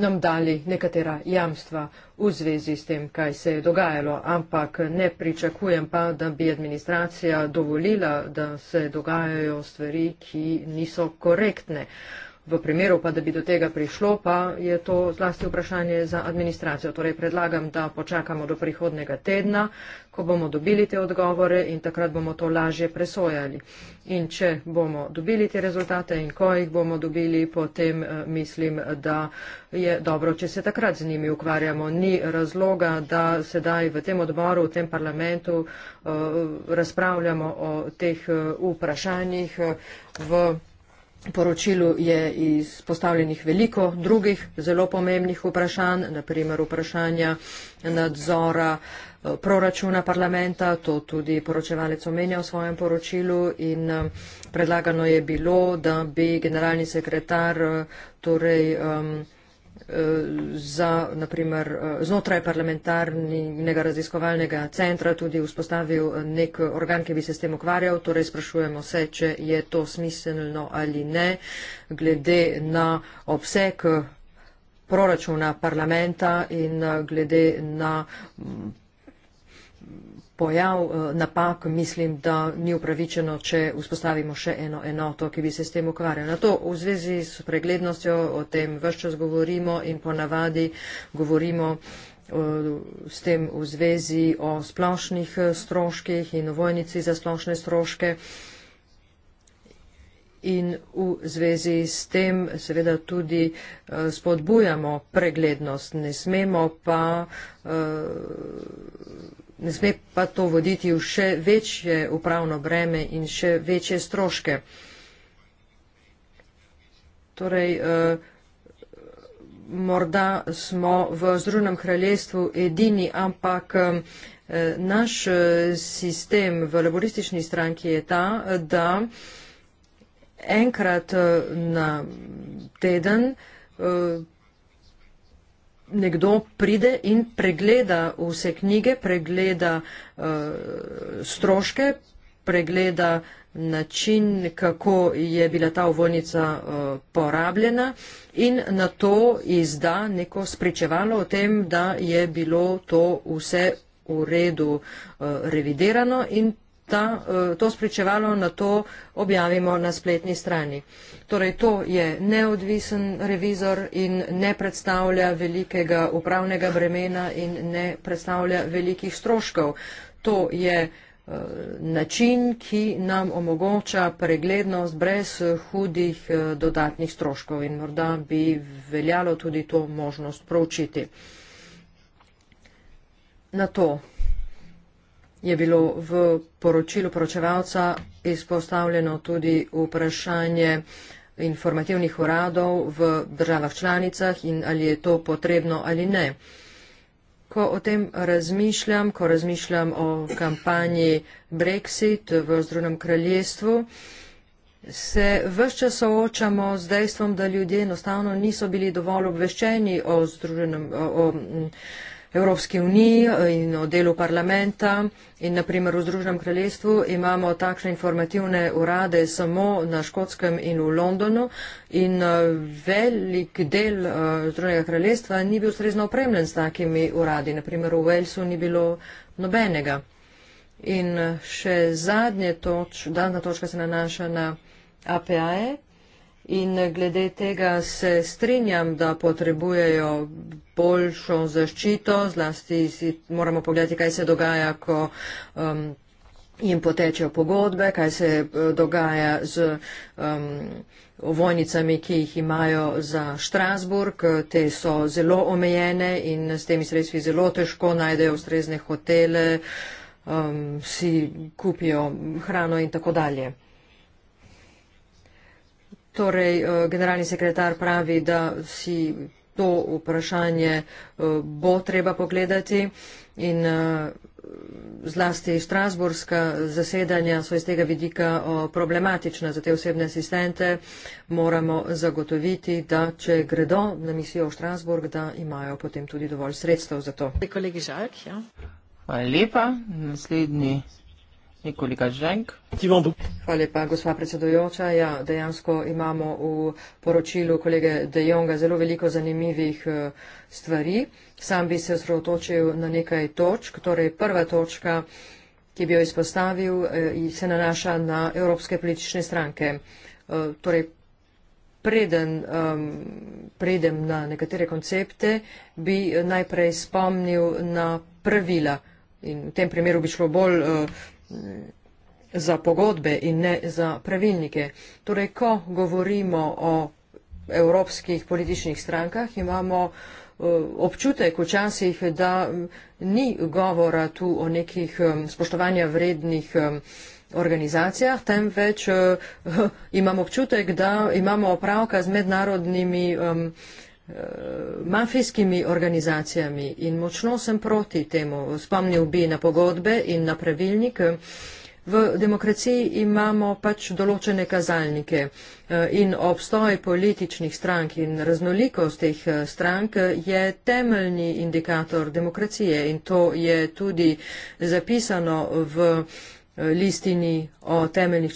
nam dali nekatera jamstva v zvezi s tem, kaj se je dogajalo, ampak ne pričakujem pa, da bi administracija dovolila, da se dogajajo stvari, ki niso korektne. Uh, V primeru pa, da bi do tega prišlo, pa je to zlasti vprašanje za administracijo. Torej predlagam, da počakamo do prihodnega tedna, ko bomo dobili te odgovore in takrat bomo to lažje presojali. In če bomo dobili te rezultate in ko jih bomo dobili, potem eh, mislim, da je dobro, če se takrat z njimi ukvarjamo. Ni razloga, da sedaj v tem odboru, v tem parlamentu eh, razpravljamo o teh eh, vprašanjih v poročilu je izpostavljenih veliko drugih zelo pomembnih vprašanj, naprimer vprašanja nadzora eh, proračuna parlamenta, to tudi poročevalec omenja v svojem poročilu in eh, predlagano je bilo, da bi generalni sekretar eh, torej, um, Eh, za, naprimer, eh, znotraj parlamentarnega raziskovalnega centra tudi vzpostavil eh, nek organ, ki bi se s tem ukvarjal. Torej, sprašujemo se, če je to smiselno ali ne, glede na obseg proračuna parlamenta in glede na pojav eh, napak, mislim, da ni upravičeno, če vzpostavimo še eno enoto, ki bi se s tem ukvarjala. To v zvezi s preglednostjo o tem vrščas govorimo in ponavadi govorimo eh, s tem v zvezi o splošnih eh, stroških in o vojnici za splošne stroške. In v zvezi s tem seveda tudi spodbujamo preglednost. Ne smemo pa ne sme pa to voditi v še večje upravno breme in še večje stroške. Torej, eh, morda smo v Združenem kraljestvu edini, ampak eh, naš eh, sistem v laboristični stranki je ta, da enkrat na teden nekdo pride in pregleda vse knjige, pregleda uh, stroške, pregleda način, kako je bila ta ovojnica uh, porabljena in na to izda neko spričevalo o tem, da je bilo to vse v redu uh, revidirano in ta, eh, to spričevalo na to objavimo na spletni strani. Torej, to je neodvisen revizor in ne predstavlja velikega upravnega bremena in ne predstavlja velikih stroškov. To je eh, način, ki nam omogoča preglednost brez eh, hudih dodatnih stroškov in morda bi veljalo tudi to možnost proučiti. Na to je bilo v poročilu poročevalca izpostavljeno tudi vprašanje informativnih uradov v državah članicah in ali je to potrebno ali ne. Ko o tem razmišljam, ko razmišljam o kampanji Brexit v Združenem kraljestvu, se vse čas soočamo z dejstvom, da ljudje enostavno niso bili dovolj obveščeni o Združenem kraljestvu Evropski uniji eh, in o delu parlamenta in naprimer v Združenem kraljestvu imamo takšne informativne urade samo na Škotskem in v Londonu in eh, velik del eh, Združenega kraljestva ni bil srezno opremljen s takimi uradi. Naprimer v Walesu ni bilo nobenega. In še zadnje toč, točka se nanaša na APAE, In glede tega se strinjam, da potrebujejo boljšo zaščito, zlasti si moramo pogledati, kaj se dogaja, ko um, jim potečejo pogodbe, kaj se eh, dogaja z. Um, vojnicami, ki jih imajo za Štrasburg. Te so zelo omejene in s temi sredstvi zelo težko najdejo ustrezne hotele, um, si kupijo hrano in tako dalje. Torej, eh, generalni sekretar pravi, da si to vprašanje eh, bo treba pogledati in eh, zlasti strasburska zasedanja so iz tega vidika problematična za te osebne asistente. Moramo zagotoviti, da če gredo na misijo v Strasburg, da imajo potem tudi dovolj sredstev za to. Ja. Hvala lepa. Naslednji Nikolika Ženk. Hvala lepa, gospa predsedojoča. Ja, dejansko imamo v poročilu kolege De Jonga zelo veliko zanimivih eh, stvari. Sam bi se osredotočil na nekaj točk. Torej, prva točka, ki bi jo izpostavil, eh, se nanaša na evropske politične stranke. Eh, torej, Preden um, predem na nekatere koncepte, bi najprej spomnil na pravila. In v tem primeru bi šlo bolj uh, za pogodbe in ne za pravilnike. Torej, ko govorimo o evropskih političnih strankah, imamo eh, občutek včasih, da mm, ni govora tu o nekih mm, spoštovanja vrednih mm, organizacijah, temveč eh, imamo občutek, da imamo opravka z mednarodnimi um, Eh, mafijskimi organizacijami in močno sem proti temu. Spomnil bi na pogodbe in na pravilnik. V demokraciji imamo pač določene kazalnike eh, in obstoj političnih strank in raznolikost teh eh, strank je temeljni indikator demokracije in to je tudi zapisano v listini o temeljnih,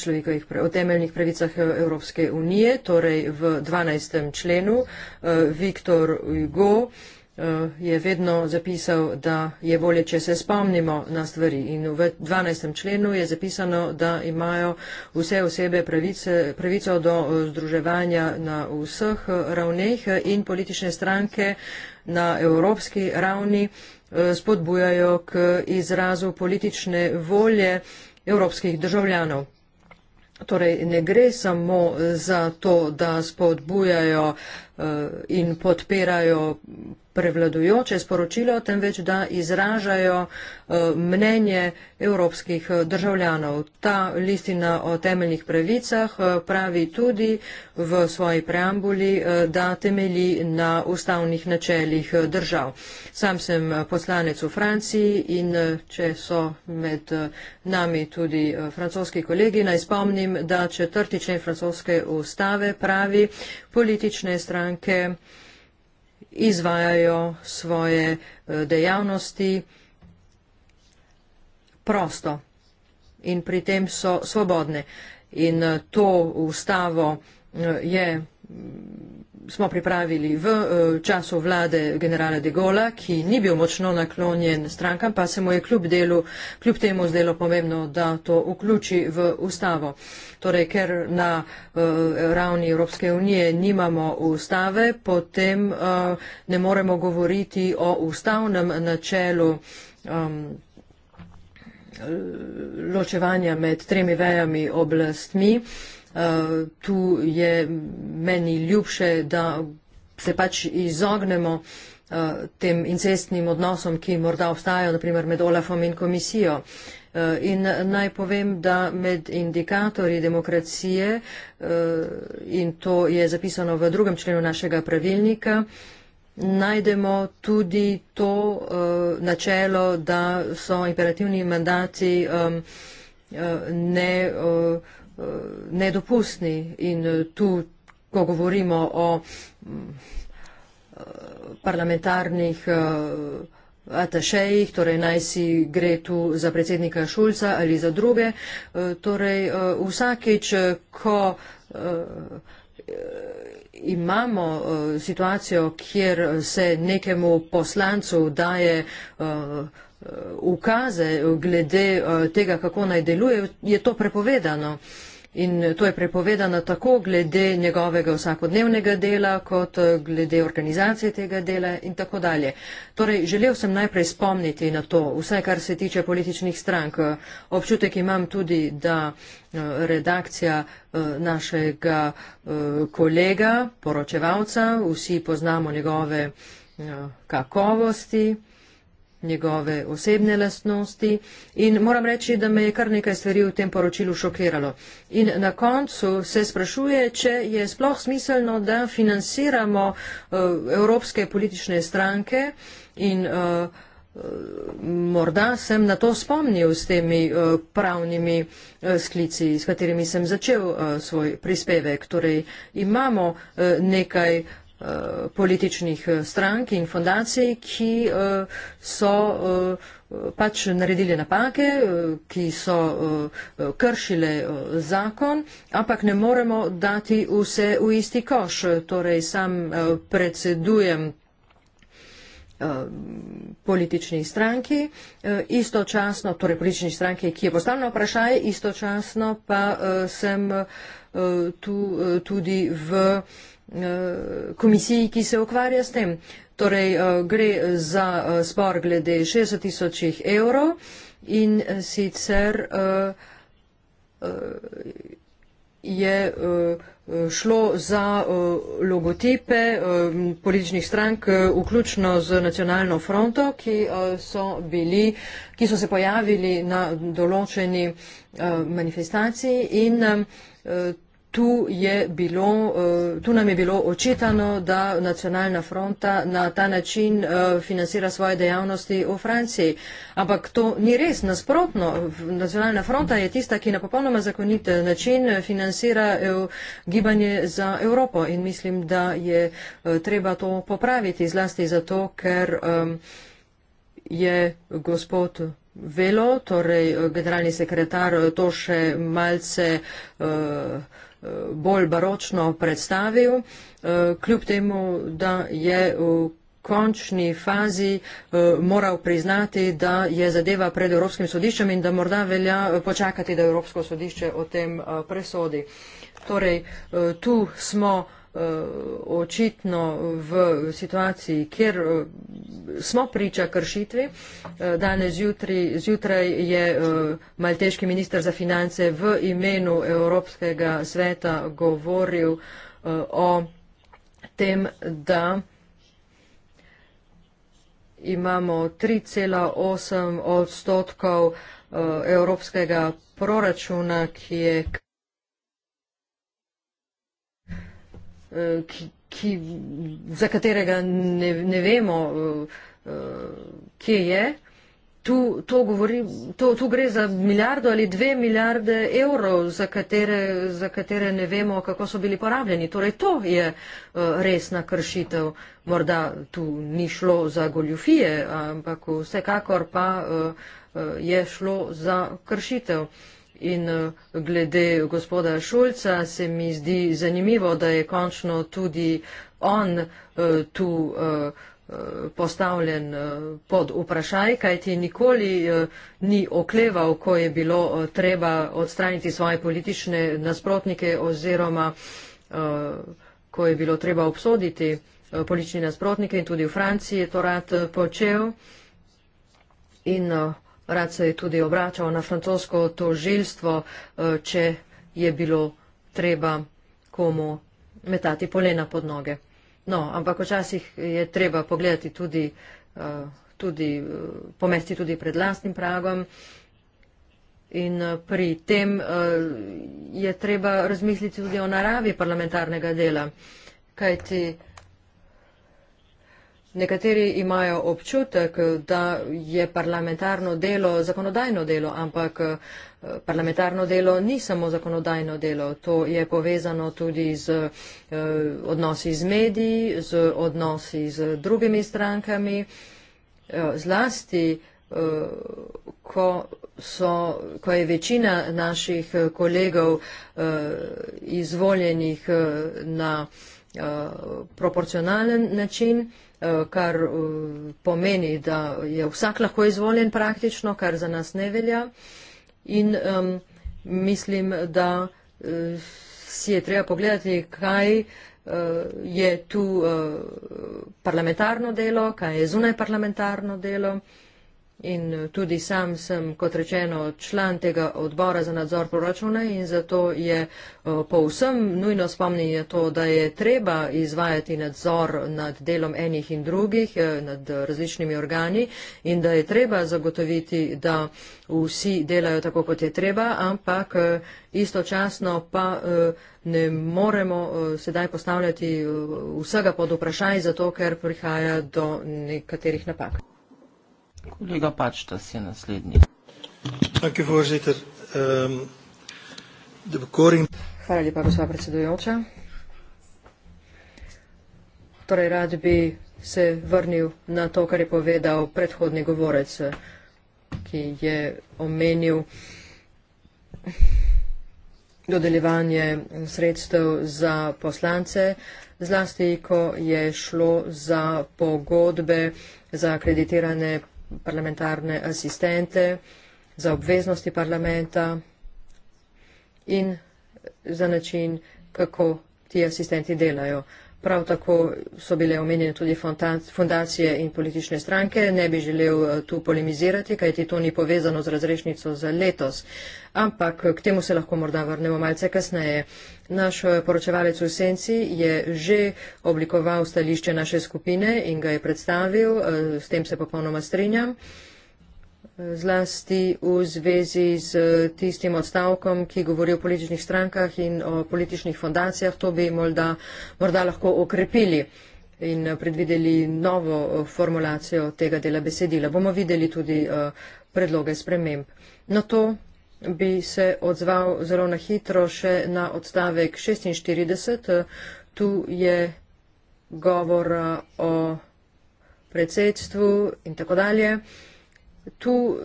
o temeljnih pravicah eh, Evropske unije, torej v 12. členu. Eh, Viktor Hugo eh, je vedno zapisal, da je bolje, če se spomnimo na stvari. In v 12. členu je zapisano, da imajo vse osebe pravice, pravico do združevanja na vseh ravneh in politične stranke na evropski ravni spodbujajo k izrazu politične volje evropskih državljanov. Torej, ne gre samo za to, da spodbujajo Eh, in podpirajo prevladujoče sporočilo, temveč da izražajo eh, mnenje evropskih eh, državljanov. Ta listina o temeljnih pravicah pravi tudi v svoji preambuli, da temelji na ustavnih načelih držav. Sam sem poslanec v Franciji in če so med nami tudi francoski kolegi, naj spomnim, da četrtične francoske ustave pravi politične stranke, stranke izvajajo svoje eh, dejavnosti prosto in pri tem so svobodne. In eh, to ustavo eh, je smo pripravili v eh, času vlade generala de Gola, ki ni bil močno naklonjen strankam, pa se mu je kljub, delu, kljub temu zdelo pomembno, da to vključi v ustavo. Torej, ker na eh, ravni Evropske unije nimamo ustave, potem eh, ne moremo govoriti o ustavnem načelu um, ločevanja med tremi vejami oblastmi Eh, tu je meni ljubše, da se pač izognemo eh, tem incestnim odnosom, ki morda obstajajo, naprimer med Olafom in komisijo. Eh, in naj povem, da med indikatorji demokracije, in to je zapisano v drugem členu našega pravilnika, najdemo tudi to načelo, da so imperativni mandati ne Eh, nedopustni in eh, tu, ko govorimo o mm, eh, parlamentarnih atašejih, torej naj si gre tu za predsednika Šulca ali za druge, torej vsakeč, ko imamo situacijo, kjer se nekemu poslancu daje ukaze glede tega, kako naj deluje, je to prepovedano. In to je prepovedano tako glede njegovega vsakodnevnega dela, kot eh, glede organizacije tega dela in tako dalje. Torej, želel sem najprej spomniti na to, vsaj kar se tiče političnih strank. Občutek imam tudi, da eh, redakcija eh, našega kolega, poročevalca, vsi poznamo njegove kakovosti njegove osebne lastnosti in moram reči, da me je kar nekaj stvari v tem poročilu šokiralo. In na koncu se sprašuje, če je sploh smiselno, da financiramo uh, evropske politične stranke in uh, Morda sem na to spomnil s temi pravnimi sklici, s katerimi sem začel svoj prispevek. Torej imamo nekaj Eh, političnih eh, strank in fondacij, ki eh, so pač naredili napake, ki so kršile zakon, ampak ne moremo dati vse v isti koš. Torej, sam predsedujem Eh, politični stranki, eh, istočasno, torej politični stranki, ki je postavljena vprašanje, istočasno pa eh, sem tu tudi v komisiji, ki se ukvarja s tem. Torej gre za spor glede 60 tisočih evrov in sicer je šlo za eh, logotipe eh, političnih strank, eh, vključno z nacionalno fronto, ki so, bili, ki so se pojavili na določeni manifestaciji in tu, bilo, eh, tu nam je bilo očitano, da nacionalna fronta na ta način eh, financira svoje dejavnosti v Franciji. Ampak to ni res, nasprotno. Nacionalna fronta je tista, ki na popolnoma zakonit eh, način financira gibanje za Evropo in mislim, da je treba to popraviti zlasti zato, ker je gospod. Velo, torej generalni sekretar to še malce uh, bolj baročno predstavil, eh, kljub temu, da je v končni fazi eh, moral priznati, da je zadeva pred Evropskim sodiščem in da morda velja eh, počakati, da Evropsko sodišče o tem presodi. Torej, tu smo uh, očitno v situaciji, kjer uh, smo priča kršitvi. Uh, danes jutri, zjutraj je uh, malteški minister za finance v imenu Evropskega sveta govoril uh, o tem, da imamo 3,8 odstotkov uh, evropskega proračuna, ki je. ki, ki, za katerega ne, ne vemo, eh, eh, kje je. Tu, to govori, to, tu gre za milijardo ali dve milijarde evrov, za katere, za katere ne vemo, kako so bili porabljeni. Torej, to je eh, resna kršitev. Morda tu ni šlo za goljufije, ampak vsekakor pa je šlo za kršitev. In eh, glede gospoda Šulca se mi zdi zanimivo, da je končno tudi on eh, tu eh, postavljen pod vprašaj, kajti nikoli ni okleval, ko je bilo treba odstraniti svoje politične nasprotnike oziroma ko je bilo treba obsoditi politične nasprotnike in tudi v Franciji je to rad počel. In Rad se je tudi obračal na francosko tožilstvo, eh, če je bilo treba komu metati polena pod noge. No, ampak včasih je treba pogledati tudi, eh, tudi eh, pomesti tudi pred lastnim pragom. In pri tem je treba razmisliti tudi o naravi parlamentarnega dela, kajti Nekateri imajo občutek, da je parlamentarno delo zakonodajno delo, ampak eh, parlamentarno delo ni samo zakonodajno delo. To je povezano tudi z eh, odnosi z mediji, z odnosi z drugimi strankami, eh, zlasti, ko, so, ko je večina naših kolegov izvoljenih na proporcionalen način Eh, kar eh, pomeni, da je vsak lahko izvoljen praktično, kar za nas ne velja. In um, mislim, da eh, si je treba pogledati, kaj je tu parlamentarno delo, kaj je zunaj parlamentarno delo. In eh, tudi sam sem, kot rečeno, član tega odbora za nadzor proračuna in zato je eh, povsem nujno spomnjenje to, da je treba izvajati nadzor nad delom enih in drugih, eh, nad različnimi organi in da je treba zagotoviti, da vsi delajo tako, kot je treba, ampak istočasno pa ne moremo sedaj postavljati vsega pod vprašaj, zato ker prihaja do nekaterih napak. Kolega Pačtas je naslednji. Ehm, Hvala lepa, gospa predsedujoča. Torej, rad bi se vrnil na to, kar je povedal predhodni govorec, ki je omenil dodeljevanje sredstev za poslance, zlasti, ko je šlo za pogodbe za akreditirane parlamentarne asistente, za obveznosti parlamenta in za način, kako ti asistenti delajo. Prav tako so bile omenjene tudi fundacije in politične stranke. Ne bi želel eh, tu polemizirati, kajti to ni povezano z razrešnico za letos. Ampak eh, k temu se lahko morda vrnemo malce kasneje. Naš eh, poročevalec v Senci je že oblikoval stališče naše skupine in ga je predstavil. S tem se popolnoma strinjam zlasti v zvezi z tistim odstavkom, ki govori o političnih strankah in o političnih fondacijah. To bi morda, morda lahko okrepili in predvideli novo eh, formulacijo tega dela besedila. Bomo videli tudi eh, predloge sprememb. Na no, to bi se odzval zelo na hitro še na odstavek 46. Tu je govor o predsedstvu in tako dalje tu eh,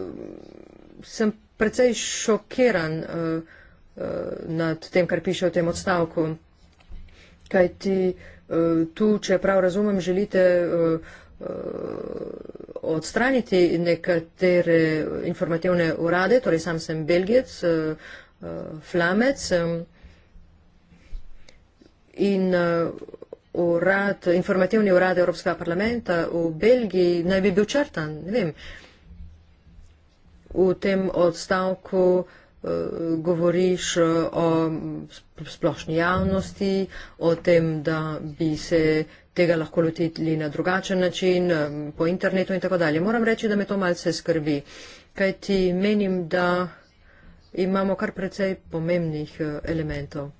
sem precej šokiran uh, uh, nad tem, kar piše v tem odstavku. Kaj ti uh, tu, če prav razumem, želite. Uh, odstraniti nekatere informativne urade, torej sam sem belgijec, flamec in urad, informativni urad Evropskega parlamenta v Belgiji naj bi bil črtan, ne vem. Uh, v tem odstavku eh, govoriš eh, o splošni javnosti, o tem, da bi se tega lahko lotili na drugačen način, eh, po internetu in tako dalje. Moram reči, da me to malce skrbi, kaj ti menim, da imamo kar precej pomembnih elementov.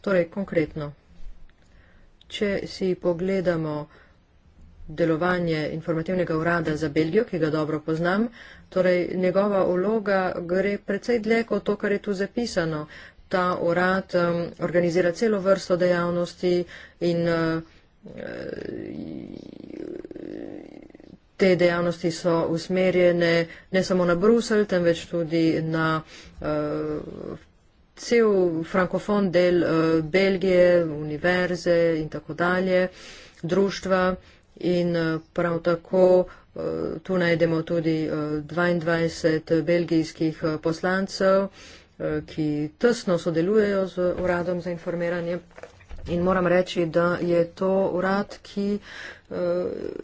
Torej, konkretno, če si pogledamo, delovanje informativnega urada za Belgijo, ki ga dobro poznam. Torej, njegova vloga gre precej dlje kot to, kar je tu zapisano. Ta urad um, organizira celo vrsto dejavnosti in uh, uh te dejavnosti so usmerjene ne samo na Bruselj, temveč tudi na uh, cel frankofon del uh, Belgije, univerze in tako dalje, društva in eh, prav tako eh, tu najdemo tudi 22 eh, belgijskih poslancev, ki tesno sodelujejo z uradom za informiranje. In moram reči, da je to urad, ki uh,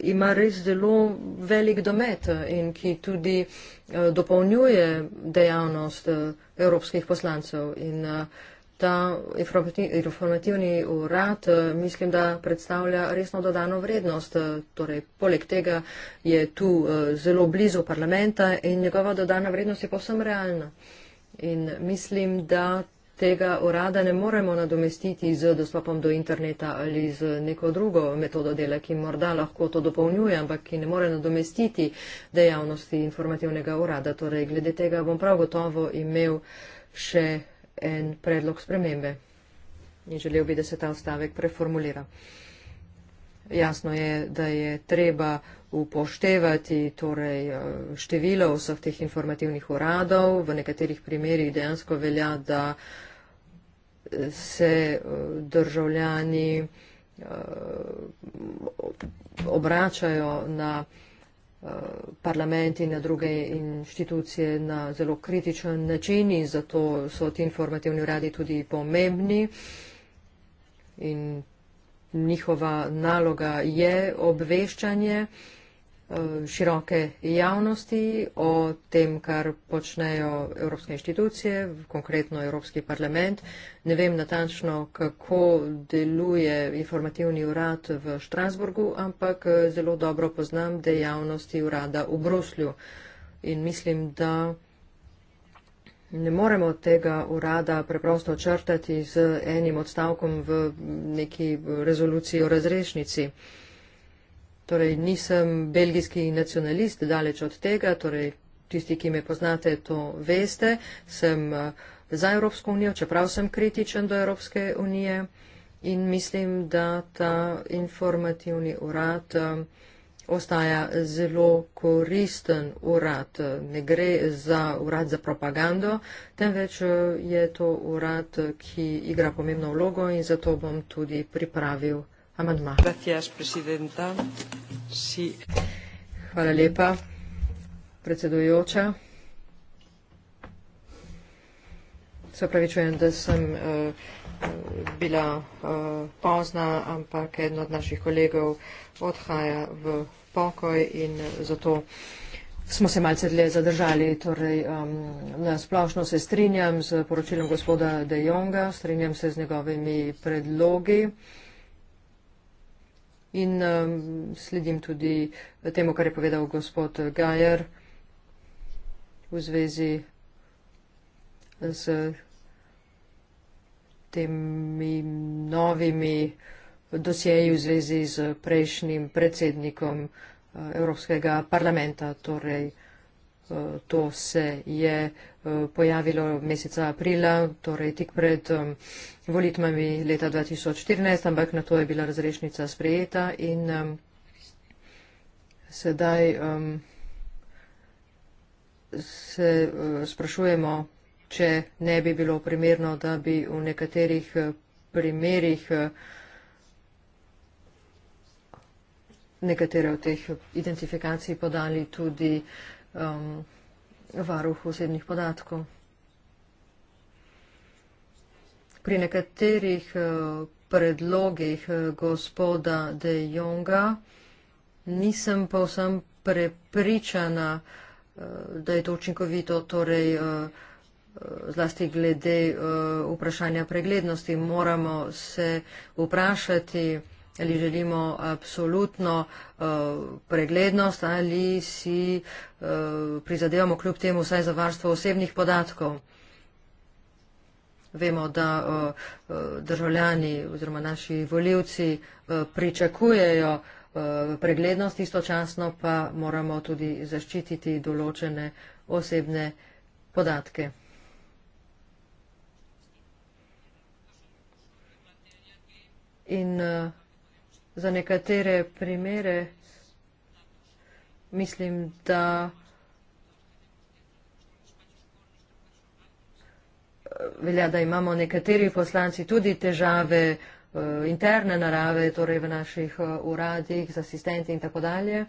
ima res zelo velik domet in ki tudi uh, dopolnjuje dejavnost uh, evropskih poslancev. In, uh, ta informativni urad eh, mislim, da predstavlja resno dodano vrednost. Eh, torej, poleg tega je tu eh, zelo blizu parlamenta in njegova dodana vrednost je povsem realna. In mislim, da tega urada ne moremo nadomestiti z dostopom do interneta ali z neko drugo metodo dela, ki morda lahko to dopolnjuje, ampak ki ne more nadomestiti dejavnosti informativnega urada. Torej, glede tega bom prav gotovo imel še en predlog spremembe in želel bi, da se ta odstavek preformulira. Jasno je, da je treba upoštevati torej, eh, število vseh teh informativnih uradov. V nekaterih primerjih dejansko velja, da eh, se eh, državljani obračajo na parlament in na druge inštitucije na zelo kritičen način in zato so ti informativni uradi tudi pomembni in njihova naloga je obveščanje. Eh, široke javnosti, o tem, kar počnejo evropske inštitucije, konkretno Evropski parlament. Ne vem natančno, kako deluje informativni urad v Štrasburgu, ampak eh, zelo dobro poznam dejavnosti urada v Bruslju. In mislim, da ne moremo tega urada preprosto črtati z enim odstavkom v neki rezoluciji o razrešnici. Torej, nisem belgijski nacionalist, daleč od tega, torej, tisti, ki me poznate, to veste, sem eh, za Evropsko unijo, čeprav sem kritičen do Evropske unije in mislim, da ta informativni urad eh, ostaja zelo koristen urad. Ne gre za urad za propagando, temveč eh, je to urad, ki igra pomembno vlogo in zato bom tudi pripravil amandma. Gracias, presidenta. Si. Hvala lepa, predsedujoča. Se opravičujem, da sem uh, bila uh, pozna, ampak eden od naših kolegov odhaja v pokoj in zato smo se malce dlje zadržali. Torej, um, na splošno se strinjam z poročilom gospoda De Jonga, strinjam se z njegovimi predlogi. Uh, in um, sledim tudi temu, kar je povedal gospod Gajer v zvezi z temi novimi dosjeji v zvezi z prejšnjim predsednikom uh, Evropskega parlamenta. Torej, uh, to se je uh, pojavilo meseca aprila, torej tik pred um, volitvami leta 2014, ampak na to je bila razrešnica sprejeta in um, sedaj um, se uh, sprašujemo, če ne bi bilo primerno, da bi v nekaterih uh, primerjih uh, nekatere od teh identifikacij podali tudi um, varuh osebnih podatkov. pri nekaterih eh, predlogih eh, gospoda De Jonga nisem pa vsem prepričana, eh, da je to učinkovito, torej zlasti glede vprašanja preglednosti. Moramo se vprašati, ali želimo absolutno preglednost ali si prizadevamo kljub temu vsaj za varstvo osebnih podatkov. Vemo, da državljani oziroma naši voljivci pričakujejo preglednost, istočasno pa moramo tudi zaščititi določene osebne podatke. In za nekatere primere mislim, da. velja, da imamo nekateri poslanci tudi težave eh, interne narave, torej v naših eh, uradih, z asistenti in tako dalje.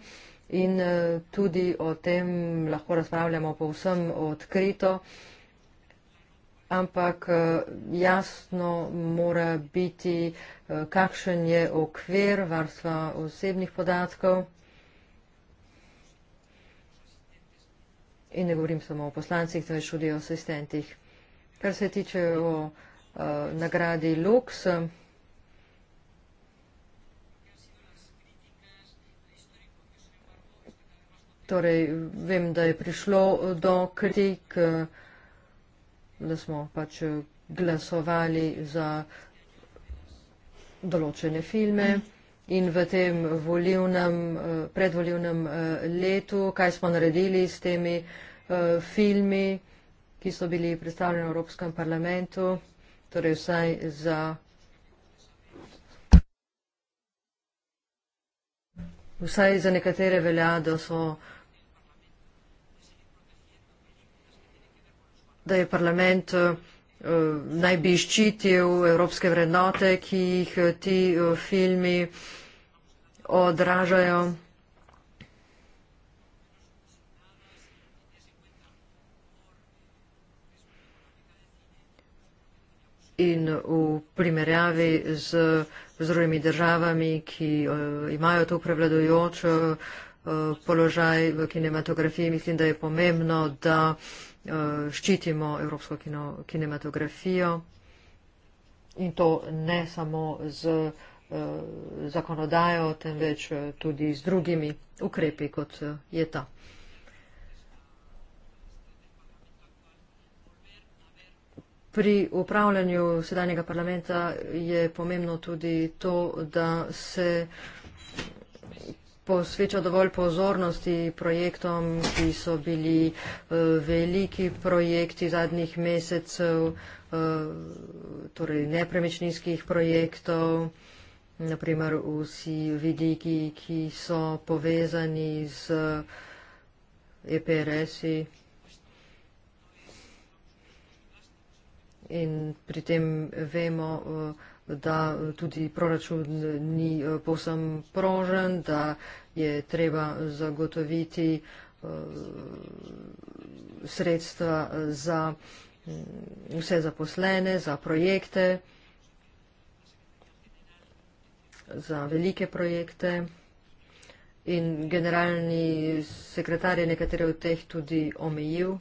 In eh, tudi o tem lahko razpravljamo povsem odkrito. Ampak jasno mora biti, kakšen je okvir varstva osebnih podatkov. In ne govorim samo o poslancih, temveč tudi o asistentih. Kar se tiče o uh, nagradi Lux, torej vem, da je prišlo do kritik, da smo pač glasovali za določene filme in v tem volivnem, predvoljivnem letu, kaj smo naredili s temi eh, filmi ki so bili predstavljeni v Evropskem parlamentu, torej vsaj za vsaj za nekatere velja, da so da je parlament eh, naj bi ščitil evropske vrednote, ki jih eh, ti eh, filmi odražajo. in v primerjavi z, z drugimi državami, ki uh, imajo to prevladojoč uh, eh, položaj v kinematografiji, mislim, da je pomembno, da uh, ščitimo evropsko kino, kinematografijo in to ne samo z zakonodajo, temveč tudi z drugimi ukrepi, kot je ta. Pri upravljanju sedanjega parlamenta je pomembno tudi to, da se posveča dovolj pozornosti projektom, ki so bili eh, veliki projekti zadnjih mesecev, eh, torej nepremičninskih projektov, naprimer vsi vidiki, ki so povezani z EPRS-i. in pri tem vemo, eh, da tudi proračun ni eh, povsem prožen, da je treba zagotoviti eh, sredstva za mm, vse zaposlene, za projekte, za velike projekte. In generalni sekretar je nekatere od teh tudi omejil.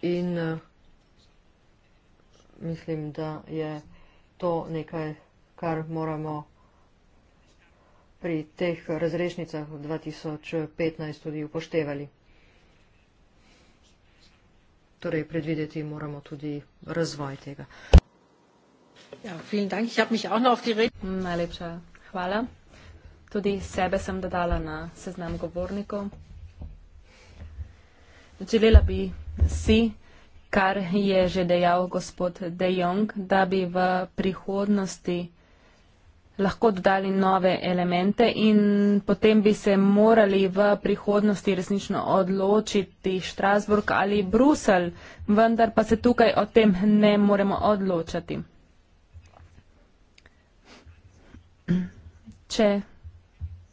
in eh, mislim, da je to nekaj, kar moramo pri teh razrešnicah 2015 tudi upoštevali. Torej, predvideti moramo tudi razvoj tega. Ja, dank. Ich mich auch noch auf die Najlepša hvala. Tudi sebe sem dodala na seznam govornikov. Želela bi si, kar je že dejal gospod De Jong, da bi v prihodnosti lahko dodali nove elemente in potem bi se morali v prihodnosti resnično odločiti Štrasburg ali Brusel, vendar pa se tukaj o tem ne moremo odločati. Če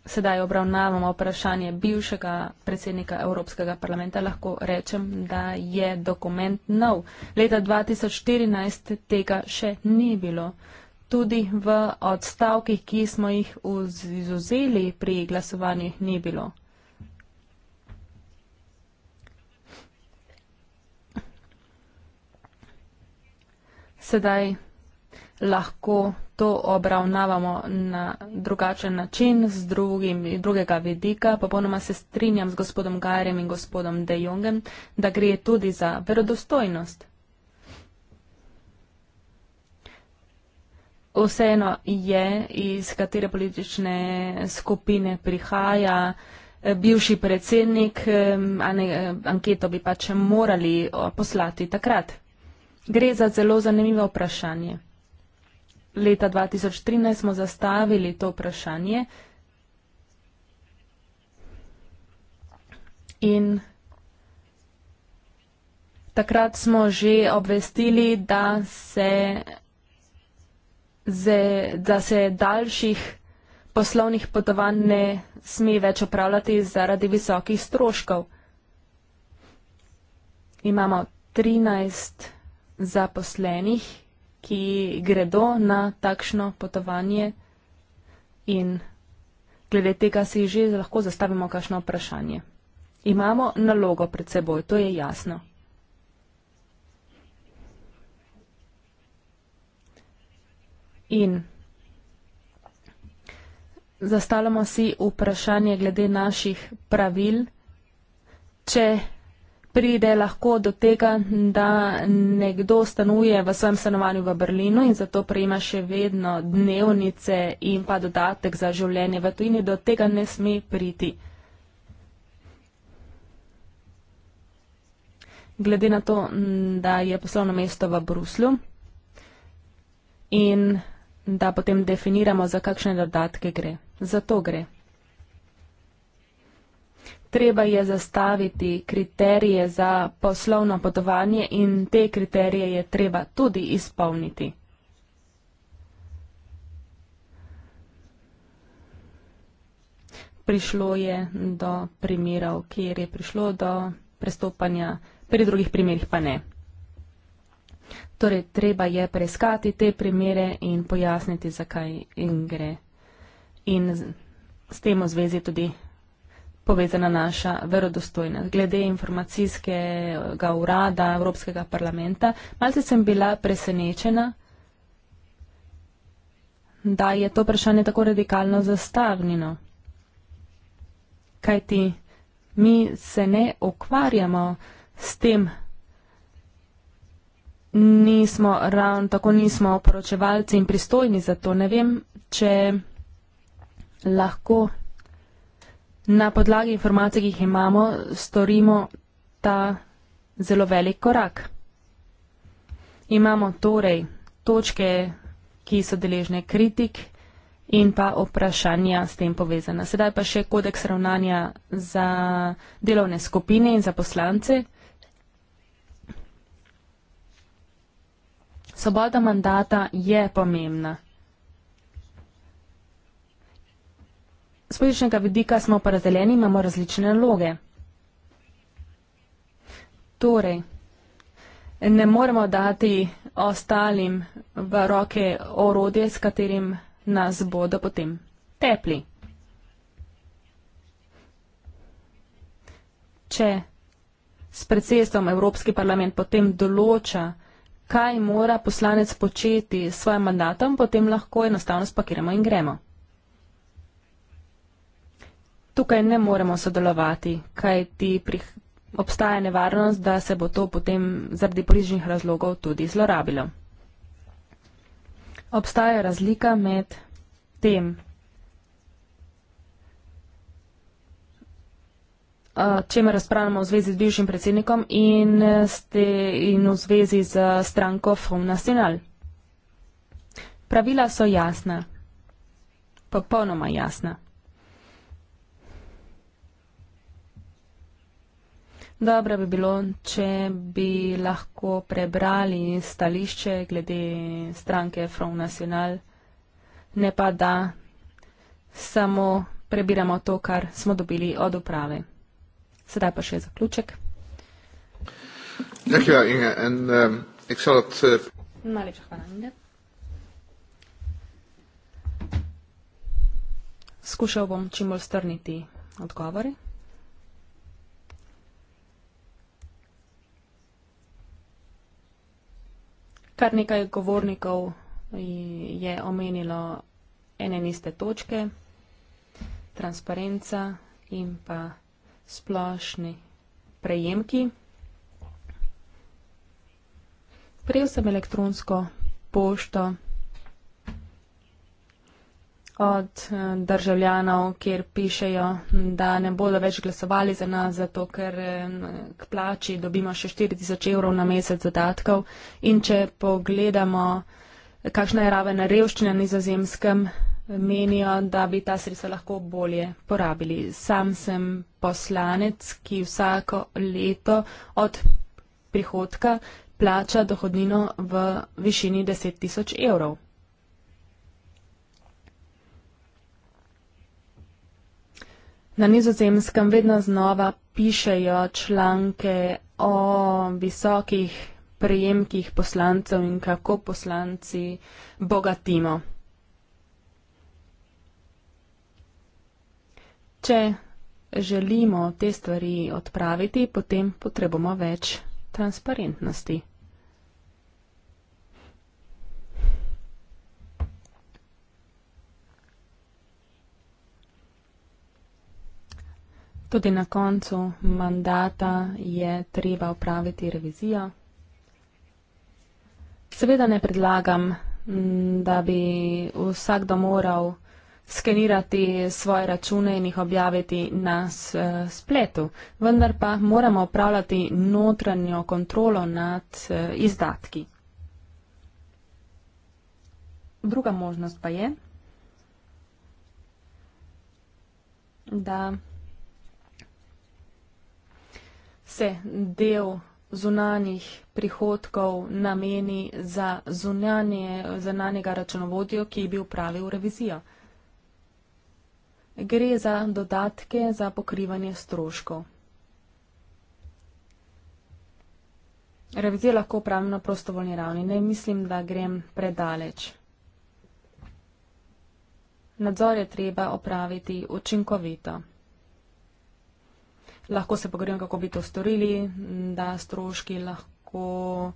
sedaj obravnavamo vprašanje bivšega predsednika Evropskega parlamenta, lahko rečem, da je dokument nov. Leta 2014 tega še ni bilo. Tudi v odstavkih, ki smo jih izuzeli pri glasovanju, ni bilo. Sedaj lahko to obravnavamo na drugačen način, z drugim, drugega vidika. Popolnoma se strinjam z gospodom Gajerjem in gospodom De Jongem, da gre tudi za verodostojnost. Vseeno je, iz katere politične skupine prihaja eh, bivši predsednik, ne, eh, anketo bi pač morali poslati takrat. Gre za zelo zanimivo vprašanje leta 2013 smo zastavili to vprašanje in takrat smo že obvestili, da se, ze, da se daljših poslovnih potovanj ne sme več upravljati zaradi visokih stroškov. Imamo 13 zaposlenih ki gredo na takšno potovanje in glede tega si že lahko zastavimo kakšno vprašanje. Imamo nalogo pred seboj, to je jasno. In zastavljamo si vprašanje glede naših pravil, če pride lahko do tega, da nekdo stanuje v svojem stanovanju v Berlinu in zato prejema še vedno dnevnice in pa dodatek za življenje v tujini, do tega ne sme priti. Glede na to, da je poslovno mesto v Bruslu in da potem definiramo, za kakšne dodatke gre. Za to gre. Treba je zastaviti kriterije za poslovno potovanje in te kriterije je treba tudi izpolniti. Prišlo je do primerov, kjer je prišlo do prestopanja, pri drugih primerih pa ne. Torej, treba je preiskati te primere in pojasniti, zakaj in gre. In s tem v zvezi tudi povezana naša verodostojnost. Glede informacijskega urada Evropskega parlamenta, malce sem bila presenečena, da je to vprašanje tako radikalno zastavljeno. Kaj ti, mi se ne ukvarjamo s tem, nismo ravno tako, nismo poročevalci in pristojni za to. Ne vem, če lahko na podlagi informacij, ki jih imamo, storimo ta zelo velik korak. Imamo torej točke, ki so deležne kritik in pa vprašanja s tem povezana. Sedaj pa še kodeks ravnanja za delovne skupine in za poslance. Svoboda mandata je pomembna. Z političnega vidika smo pa razdeljeni, imamo različne naloge. Torej, ne moremo dati ostalim v roke orodje, s katerim nas bodo potem tepli. Če s predsedstvom Evropski parlament potem določa, kaj mora poslanec početi s svojim mandatom, potem lahko enostavno spakiramo in gremo tukaj ne moremo sodelovati, kaj ti prih... obstaja nevarnost, da se bo to potem zaradi bližnjih razlogov tudi zlorabilo. Obstaja razlika med tem, čemer razpravljamo v zvezi z bivšim predsednikom in, ste, in v zvezi z stranko Fum Nacional. Pravila so jasna, popolnoma jasna. Dobro bi bilo, če bi lahko prebrali stališče glede stranke From National, ne pa da samo prebiramo to, kar smo dobili od uprave. Sedaj pa še zaključek. Najlepša um, hvala, uh, Najlepša hvala, Inge. Skušal bom čim bolj strniti odgovori. Kar nekaj govornikov je omenilo ene niste točke, transparenca in pa splošni prejemki. Prejel sem elektronsko pošto od eh, državljanov, kjer pišejo, da ne bodo več glasovali za nas, zato ker eh, k plači dobimo še 4000 evrov na mesec dodatkov. In če pogledamo, kakšna je raven revščine na nizozemskem, menijo, da bi ta sredstva lahko bolje porabili. Sam sem poslanec, ki vsako leto od prihodka plača dohodnino v višini 10 tisoč evrov. Na nizozemskem vedno znova pišejo članke o visokih prejemkih poslancev in kako poslanci bogatimo. Če želimo te stvari odpraviti, potem potrebujemo več transparentnosti. Tudi na koncu mandata je treba upraviti revizijo. Seveda ne predlagam, da bi vsakdo moral skenirati svoje račune in jih objaviti na spletu, vendar pa moramo upravljati notranjo kontrolo nad izdatki. Druga možnost pa je, da se del zunanjih prihodkov nameni za zunanje, zunanjega računovodja, ki bi upravil revizijo. Gre za dodatke za pokrivanje stroškov. Revizijo lahko upravim na prostovoljni ravni, ne mislim, da grem predaleč. Nadzor je treba opraviti učinkovito lahko se pogovorimo, kako bi to storili, da stroški lahko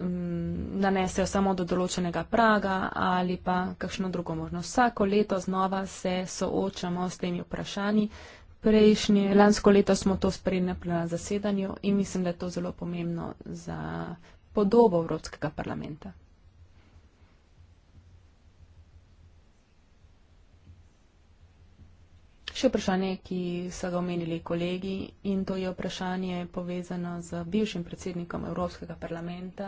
mm, nanesejo samo do določenega praga ali pa kakšno drugo možnost. Vsako leto znova se soočamo s temi vprašanji. Prejšnje, lansko leto smo to sprejeli na zasedanju in mislim, da je to zelo pomembno za podobo Evropskega parlamenta. Še vprašanje, ki so ga omenili kolegi in to je vprašanje povezano z bivšim predsednikom Evropskega parlamenta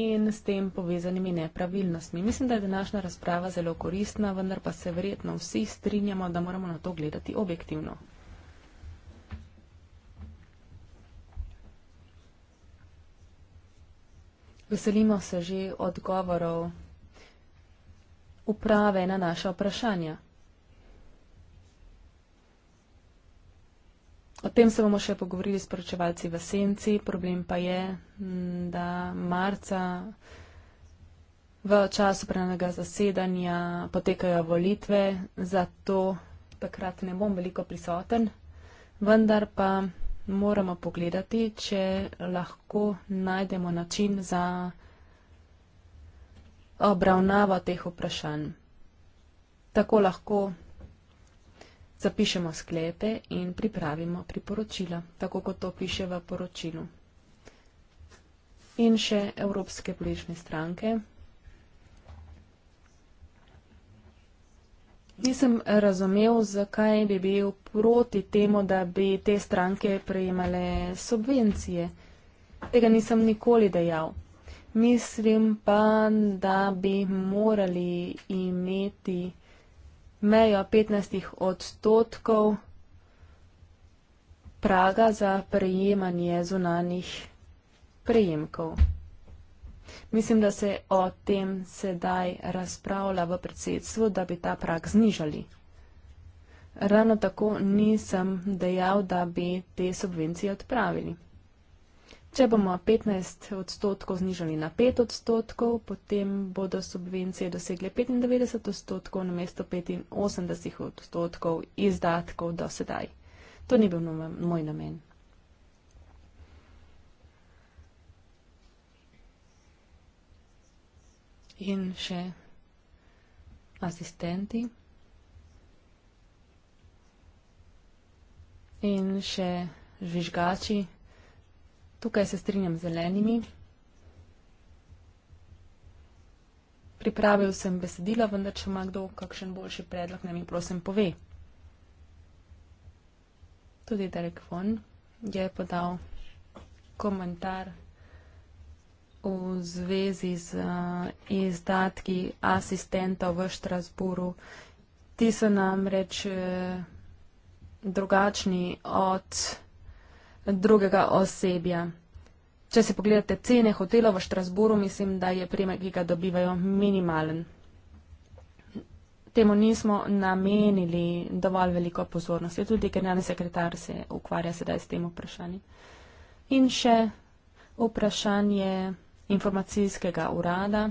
in s tem povezanimi nepravilnostmi. Mislim, da je današnja razprava zelo koristna, vendar pa se verjetno vsi strinjamo, da moramo na to gledati objektivno. Veselimo se že odgovorov uprave na naše vprašanja. O tem se bomo še pogovorili s poročevalci v Senci. Problem pa je, da marca v času prenega zasedanja potekajo volitve, zato takrat ne bom veliko prisoten, vendar pa moramo pogledati, če lahko najdemo način za obravnavo teh vprašanj. Tako lahko zapišemo sklepe in pripravimo priporočila, tako kot to piše v poročilu. In še Evropske politične stranke. Nisem razumel, zakaj bi bil proti temu, da bi te stranke prejemale subvencije. Tega nisem nikoli dejal. Mislim pa, da bi morali imeti mejo 15 odstotkov praga za prejemanje zunanih prejemkov. Mislim, da se o tem sedaj razpravlja v predsedstvu, da bi ta prag znižali. Ravno tako nisem dejal, da bi te subvencije odpravili. Če bomo 15 odstotkov znižali na 5 odstotkov, potem bodo subvencije dosegle 95 odstotkov na mesto 85 odstotkov izdatkov do sedaj. To ni bil moj namen. In še asistenti. In še žvižgači. Tukaj se strinjam zelenimi. Pripravil sem besedila, vendar če ima kdo kakšen boljši predlog, naj mi prosim pove. Tudi Derek Von je podal komentar v zvezi z eh, izdatki asistenta v Štrasburu. Ti so namreč eh, drugačni od drugega osebja. Če se pogledate cene hotela v Štrasburu, mislim, da je prijemek, ki ga dobivajo, minimalen. Temu nismo namenili dovolj veliko pozornosti. Tudi generalni sekretar se ukvarja sedaj s tem vprašanjem. In še vprašanje informacijskega urada.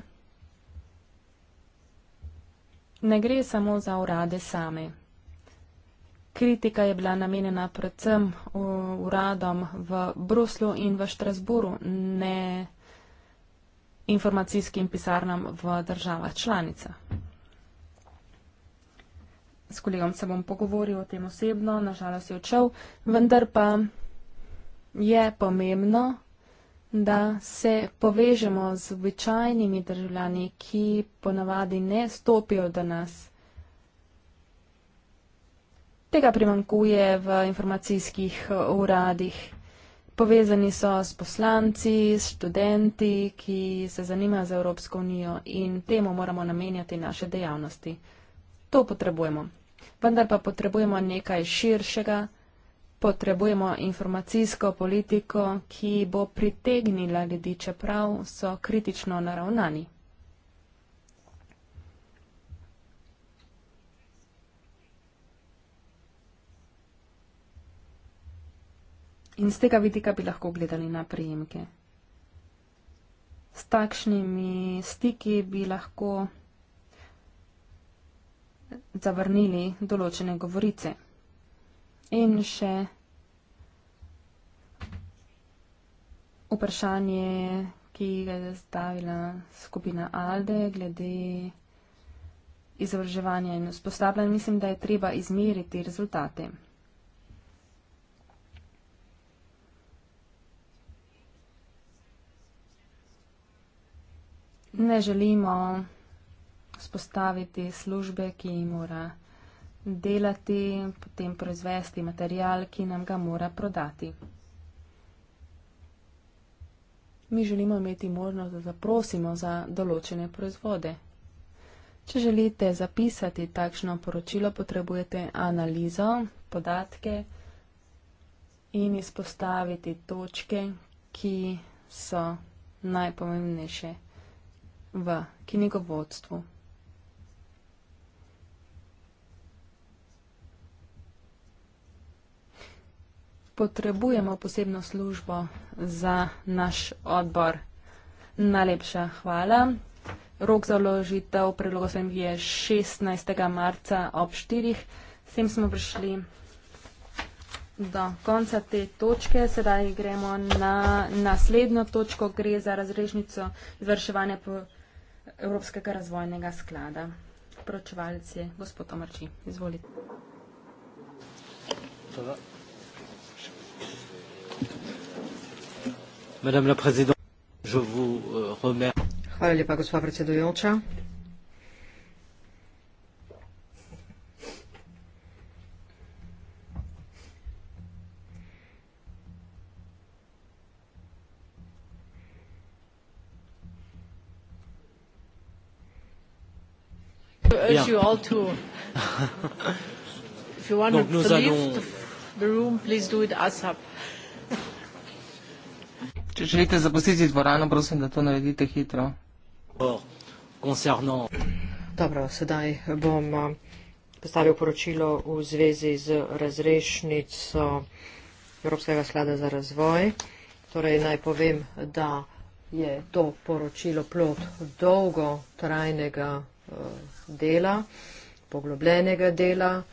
Ne gre samo za urade same. Kritika je bila namenjena predvsem uh, uradom v Bruslju in v Štrasburu, ne informacijskim pisarnam v državah članica. S kolegom se bom pogovoril o tem osebno, nažalost je odšel, vendar pa je pomembno, da se povežemo z običajnimi državljani, ki ponavadi ne stopijo do nas Tega primankuje v informacijskih eh, uradih. Povezani so s poslanci, s študenti, ki se zanimajo za Evropsko unijo in temu moramo namenjati naše dejavnosti. To potrebujemo. Vendar pa potrebujemo nekaj širšega. Potrebujemo informacijsko politiko, ki bo pritegnila ljudi, čeprav so kritično naravnani. in z tega vidika bi lahko gledali na prijemke. S takšnimi stiki bi lahko zavrnili določene govorice. In še vprašanje, ki ga je zastavila skupina Alde glede izobraževanja in usposabljanja, mislim, da je treba izmeriti rezultate. ne želimo spostaviti službe, ki mora delati, potem proizvesti material, ki nam ga mora prodati. Mi želimo imeti možnost, da zaprosimo za določene proizvode. Če želite zapisati takšno poročilo, potrebujete analizo, podatke in izpostaviti točke, ki so najpomembnejše v knjigovodstvu. Potrebujemo posebno službo za naš odbor. Najlepša hvala. Rok za vložitev predloga sem je 16. marca ob 4. S tem smo prišli do konca te točke. Sedaj gremo na naslednjo točko. Gre za razrešnico izvrševanja po. Evropskega razvojnega sklada. Pročevalec je gospod Omrči. Izvolite. Hvala lepa, gospa predsedujoča. Donc nous allons. Če želite zapustiti dvorano, prosim, da to naredite hitro. Dobro, sedaj bom eh, postavil poročilo v zvezi z razrešnico Evropskega sklada za razvoj. Torej naj povem, da je to poročilo plot dolgo trajnega. Uh, eh, dela, poglobljenega dela.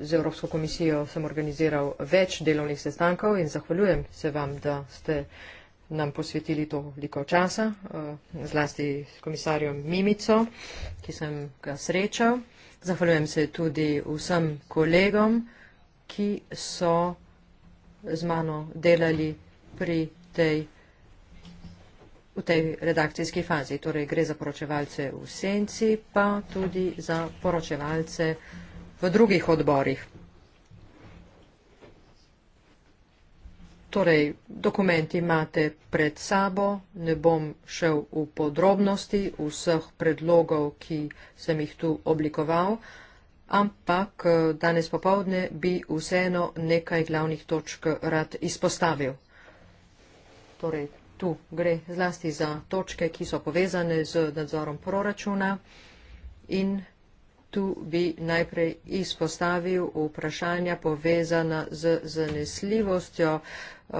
Z Evropsko komisijo sem organiziral več delovnih sestankov in zahvaljujem se vam, da ste nam posvetili to veliko časa, eh, zlasti s komisarjem Mimico, ki sem ga srečal. Zahvaljujem se tudi vsem kolegom, ki so z mano delali pri tej v tej redakcijski fazi. Torej gre za poročevalce v senci, pa tudi za poročevalce v drugih odborih. Torej, dokument imate pred sabo, ne bom šel v podrobnosti vseh predlogov, ki sem jih tu oblikoval, ampak eh, danes popovdne bi vseeno nekaj glavnih točk rad izpostavil. Torej, tu gre zlasti za točke, ki so povezane z nadzorom proračuna in tu bi najprej izpostavil vprašanja povezana z zanesljivostjo eh,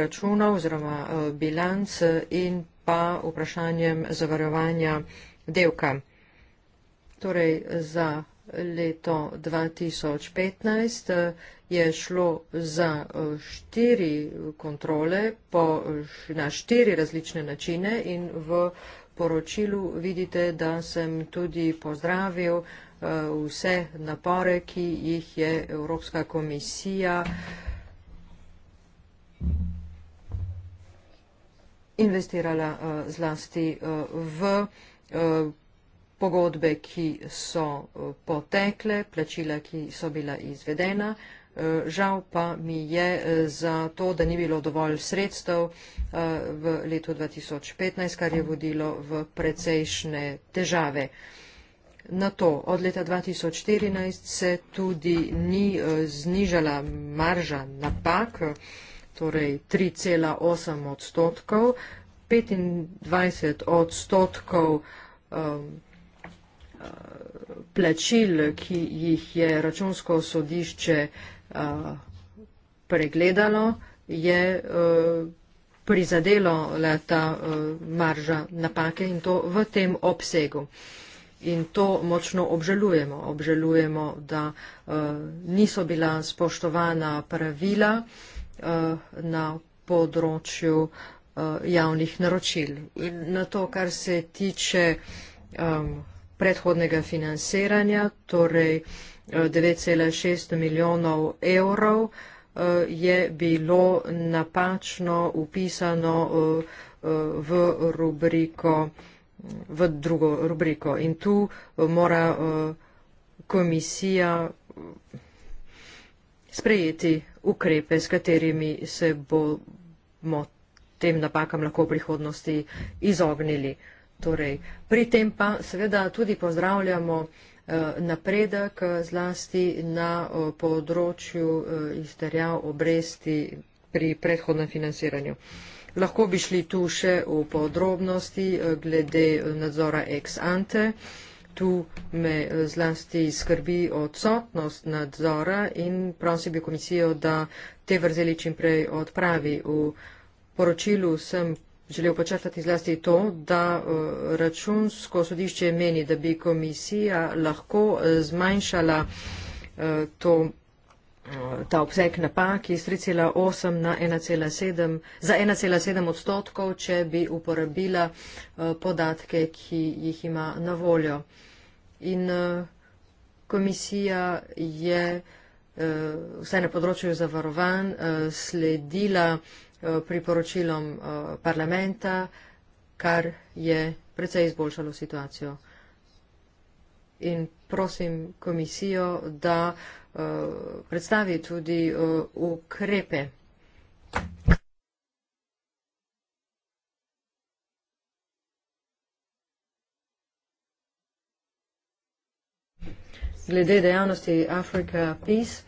računov oziroma eh, bilanc in pa vprašanjem zavarovanja delka. Torej, za leto 2015 eh, je šlo za eh, štiri kontrole po, na štiri različne načine in v poročilu vidite, da sem tudi pozdravil eh, vse napore, ki jih je Evropska komisija investirala zlasti v pogodbe, ki so eh, potekle, plačila, ki so bila izvedena. Eh, žal pa mi je eh, za to, da ni bilo dovolj sredstev v letu 2015, kar je vodilo v precejšnje težave. Na to od leta 2014 se tudi ni znižala marža napak, torej 3,8 odstotkov, 25 odstotkov ehm, plačil, ki jih je računsko sodišče pregledalo, je prizadelo ta marža napake in to v tem obsegu. In to močno obžalujemo. Obžalujemo, da niso bila spoštovana pravila na področju javnih naročil. In na to, kar se tiče um, predhodnega financiranja, torej 9,6 eh, milijonov evrov eh, je bilo napačno upisano eh, v, rubriko, v drugo rubriko. In tu mora komisija sprejeti ukrepe, s katerimi se bomo tem napakam lahko v prihodnosti izognili. Torej, pri tem pa seveda tudi pozdravljamo eh, napredek eh, zlasti na eh, področju izterjav obresti pri predhodnem financiranju. Lahko bi šli tu še v podrobnosti glede nadzora ex ante. Tu me zlasti skrbi odsotnost nadzora in prosim bi komisijo, da te vrzeli čimprej odpravi. V poročilu sem želel počrtati zlasti to, da eh, računsko sodišče meni, da bi komisija lahko eh, zmanjšala eh, to, ta obseg napak iz 3,8 na 1,7 za 1,7 odstotkov, če bi uporabila podatke, ki jih ima na voljo. In komisija je vsaj na področju zavarovan sledila Eh, priporočilom eh, parlamenta, kar je precej izboljšalo situacijo. In prosim komisijo, da eh, predstavi tudi ukrepe. Glede dejavnosti Africa Peace,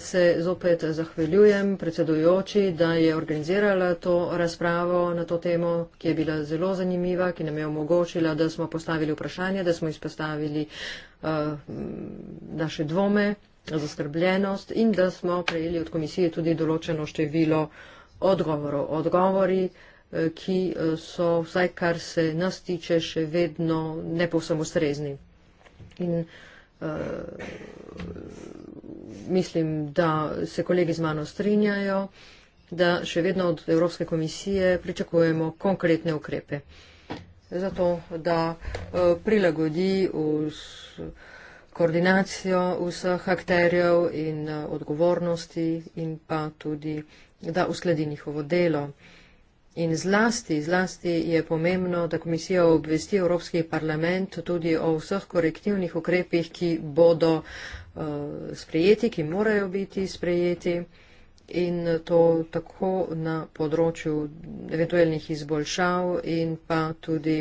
se zopet zahveljujem predsedujoči, da je organizirala to razpravo na to temo, ki je bila zelo zanimiva, ki nam je omogočila, da smo postavili vprašanje, da smo izpostavili uh, naše dvome, zaskrbljenost in da smo prejeli od komisije tudi določeno število odgovorov. Odgovori, eh, ki eh, so vsaj kar se nas tiče še vedno ne povsem ustrezni. In, uh, mislim, da se kolegi z mano strinjajo, da še vedno od Evropske komisije pričakujemo konkretne ukrepe. Zato, da eh, prilagodi koordinacijo vseh akterjev in eh, odgovornosti in pa tudi, da uskladi njihovo delo. In zlasti, zlasti je pomembno, da komisija obvesti Evropski parlament tudi o vseh korektivnih ukrepih, ki bodo uh, Eh, sprejeti, ki morajo biti sprejeti in to tako na področju eventualnih izboljšav in pa tudi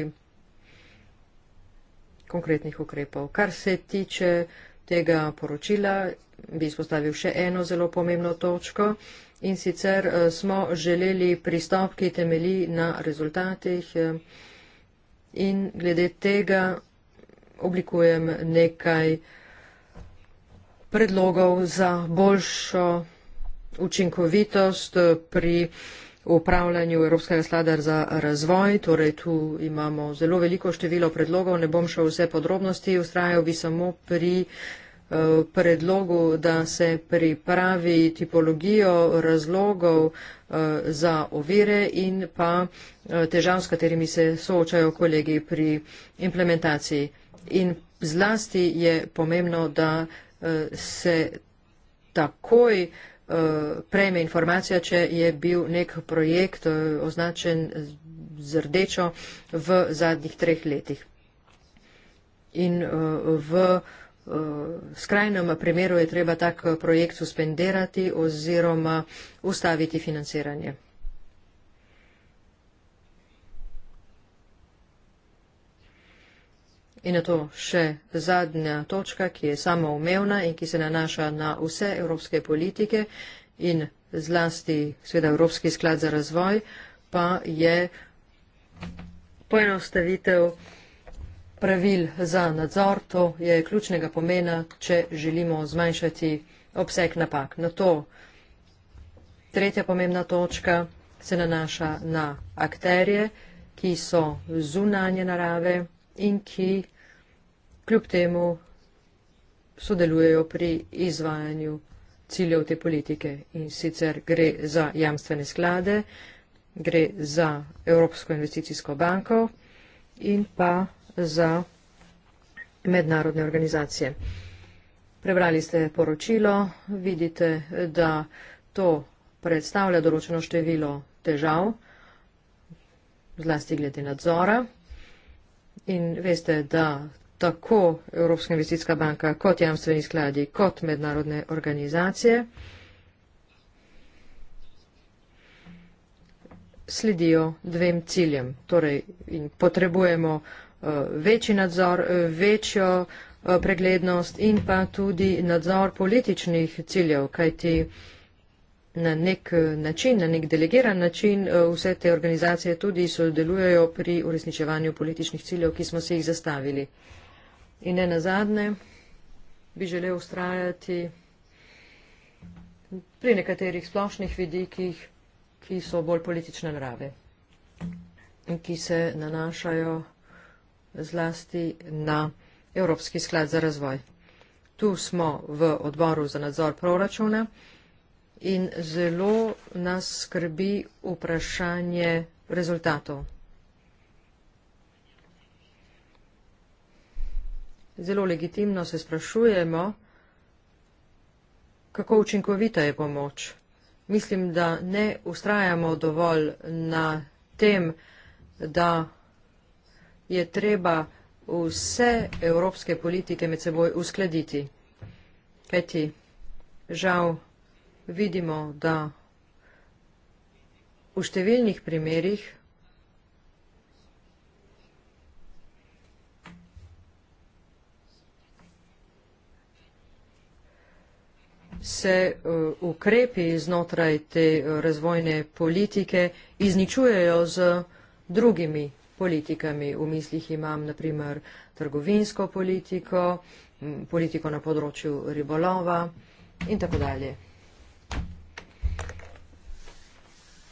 konkretnih ukrepov. Kar se tiče tega poročila, bi izpostavil še eno zelo pomembno točko in sicer eh, smo želeli pristop, ki temeli na rezultatih eh, in glede tega oblikujem nekaj uh, predlogov za boljšo učinkovitost pri upravljanju Evropskega sklada za razvoj. Torej, tu imamo zelo veliko število predlogov, ne bom šel vse podrobnosti, ustrajal bi samo pri eh, predlogu, da se pripravi tipologijo razlogov eh, za ovire in pa eh, težav, s katerimi se soočajo kolegi pri implementaciji. In zlasti je pomembno, da Eh, se takoj eh, prejme informacija, če je bil nek projekt eh, označen z rdečo v zadnjih treh letih. In v skrajnem primeru je treba tak projekt suspendirati oziroma ustaviti financiranje. In je to še zadnja točka, ki je samoumevna in ki se nanaša na vse evropske politike in zlasti sveda Evropski sklad za razvoj, pa je poenostavitev pravil za nadzor, to je ključnega pomena, če želimo zmanjšati obseg napak. Na to tretja pomembna točka se nanaša na akterje, ki so zunanje narave, in ki kljub temu sodelujejo pri izvajanju ciljev te politike. In sicer gre za jamstvene sklade, gre za Evropsko investicijsko banko in pa za mednarodne organizacije. Prebrali ste poročilo, vidite, da to predstavlja določeno število težav, zlasti glede nadzora. In veste, da tako Evropska investicijska banka, kot jamstveni skladi, kot mednarodne organizacije sledijo dvem ciljem. Torej, in potrebujemo uh, večji nadzor, eh, večjo uh, preglednost in pa tudi nadzor političnih ciljev, kajti uh, na nek način, na nek delegiran način eh, vse te organizacije tudi sodelujejo pri uresničevanju političnih ciljev, ki smo si jih zastavili. In ne nazadne bi želel ustrajati pri nekaterih splošnih vidikih, ki so bolj politične narave in ki se nanašajo zlasti na Evropski sklad za razvoj. Tu smo v odboru za nadzor proračuna in zelo nas skrbi vprašanje rezultatov. Zelo legitimno se sprašujemo, kako učinkovita je pomoč. Mislim, da ne ustrajamo dovolj na tem, da je treba vse evropske politike med seboj uskladiti. Kajti, žal, vidimo, da v številnih primerjih se eh, ukrepi iznotraj te eh, razvojne politike izničujejo z drugimi politikami. V mislih imam naprimer trgovinsko politiko, politiko na področju ribolova in tako dalje.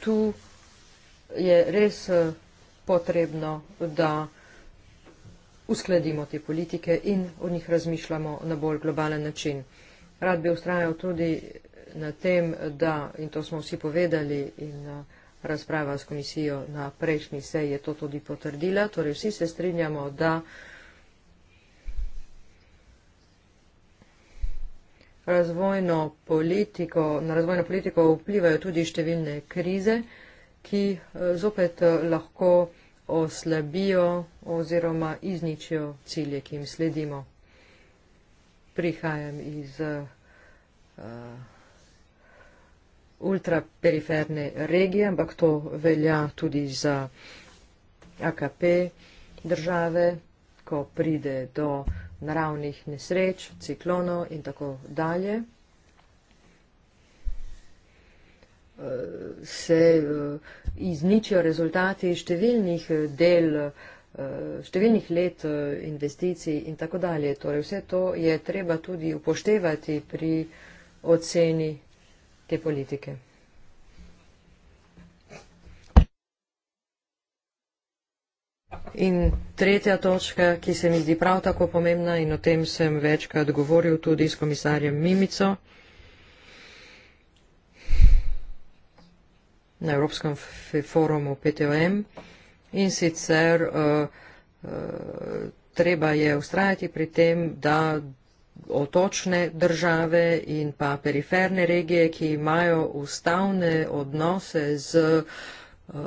tu je res eh, potrebno, da uskladimo te politike in o njih razmišljamo na bolj globalen način. Rad bi ustrajal tudi na tem, da, in to smo vsi povedali in eh, razprava s komisijo na prejšnji seji je to tudi potrdila, torej vsi se strinjamo, da razvojno politiko, na razvojno politiko vplivajo tudi številne krize, ki eh, zopet eh, lahko oslabijo oziroma izničijo cilje, ki jim sledimo. Prihajam iz uh, ultraperiferne regije, ampak to velja tudi za AKP države, ko pride do uh, naravnih nesreč, ciklonov in tako dalje, eh, se eh, izničijo rezultati številnih eh, del, številnih let investicij in tako dalje. Torej, vse to je treba tudi upoštevati pri oceni te politike. In tretja točka, ki se mi zdi prav tako pomembna in o tem sem večkrat govoril tudi s komisarjem Mimico na Evropskem forumu PTOM in sicer uh, uh, treba je ustrajati pri tem, da otočne države in pa periferne regije, ki imajo ustavne odnose z uh, Eh,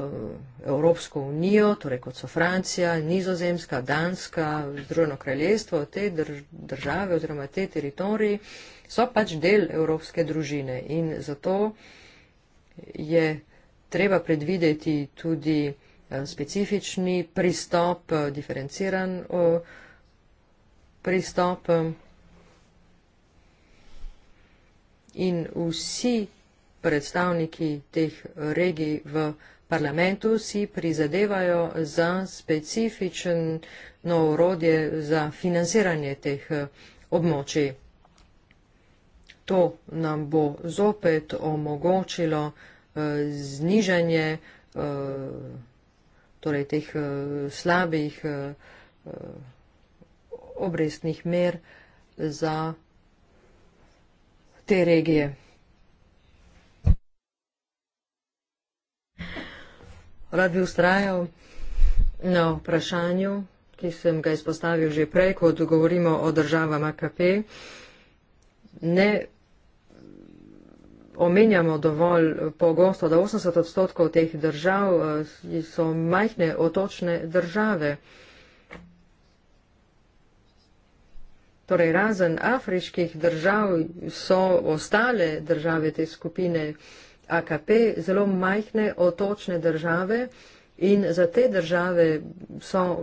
Evropsko unijo, torej kot so Francija, Nizozemska, Danska, Združeno kraljestvo, te države oziroma te teritoriji so pač del evropske družine in zato je treba predvideti tudi eh, specifični pristop, eh, diferenciran pristop in vsi predstavniki teh regij v parlamentu si prizadevajo za specifično urodje za financiranje teh eh, območij. To nam bo zopet omogočilo eh, znižanje eh, torej teh slabih obrestnih mer za te regije. rad bi ustrajal na vprašanju, ki sem ga izpostavil že prej, ko govorimo o državah AKP. Ne omenjamo dovolj pogosto, da 80 odstotkov teh držav eh, so majhne otočne države. Torej, razen afriških držav so ostale države te skupine AKP, zelo majhne otočne države in za te države so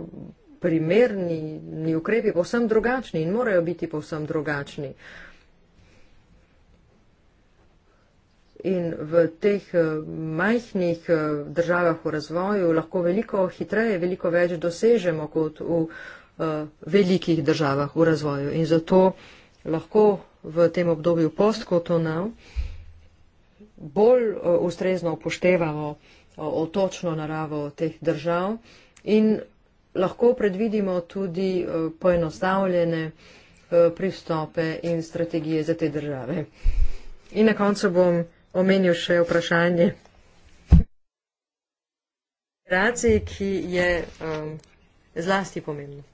primerni ukrepi povsem drugačni in morajo biti povsem drugačni. In v teh eh, majhnih eh, državah v razvoju lahko veliko hitreje, veliko več dosežemo kot v eh, velikih državah v razvoju. In zato lahko v tem obdobju post-Cotonou bolj eh, ustrezno upoštevamo eh, otočno naravo teh držav in lahko predvidimo tudi eh, poenostavljene pristope in strategije za te države. In na koncu bom omenil še vprašanje migracije, ki je um, zlasti pomembno.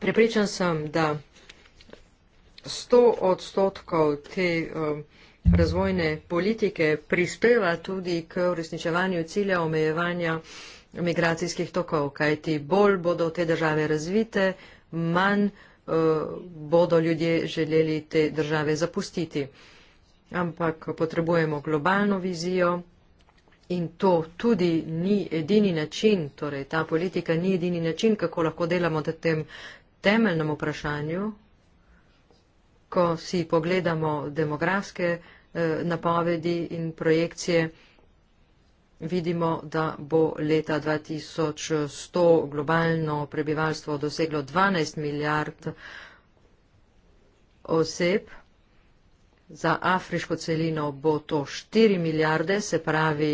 Prepričan sem, da 100 odstotkov te um, razvojne politike prispeva tudi k uresničevanju cilja omejevanja migracijskih tokov, kajti bolj bodo te države razvite, manj eh, bodo ljudje želeli te države zapustiti. Ampak potrebujemo globalno vizijo in to tudi ni edini način, torej ta politika ni edini način, kako lahko delamo na tem temeljnem vprašanju, ko si pogledamo demografske eh, napovedi in projekcije, vidimo, da bo leta 2100 globalno prebivalstvo doseglo 12 milijard oseb. Za afriško celino bo to 4 milijarde, se pravi,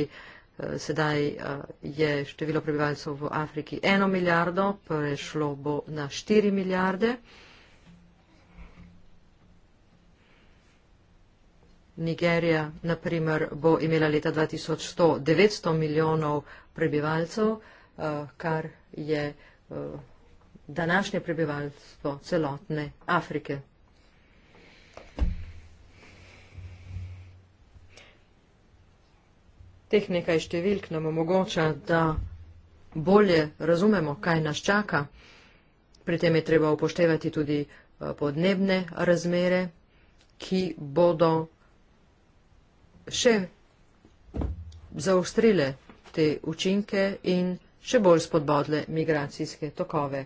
eh, sedaj eh, je število prebivalcev v Afriki 1 milijardo, prešlo bo na 4 milijarde. Nigerija, na primer, bo imela leta 2100 900 milijonov prebivalcev, eh, kar je eh, današnje prebivalstvo celotne Afrike. Teh nekaj številk nam omogoča, da bolje razumemo, kaj nas čaka. Pri tem je treba upoštevati tudi eh, podnebne razmere, ki bodo še zaostrile te učinke in še bolj spodbodle migracijske tokove.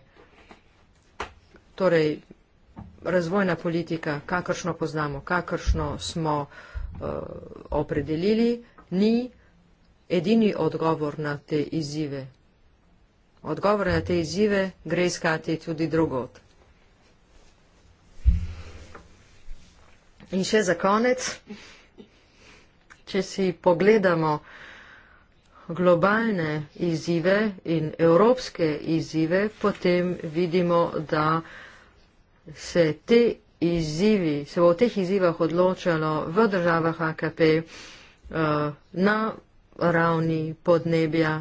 Torej, razvojna politika, kakršno poznamo, kakršno smo uh, opredelili, ni edini odgovor na te izzive. Odgovor na te izzive gre iskati tudi drugot. In še za konec. Uh, če si pogledamo globalne izzive in evropske izzive, potem vidimo, da se te izzivi, se bo o teh izzivah odločalo v državah AKP eh, na ravni podnebja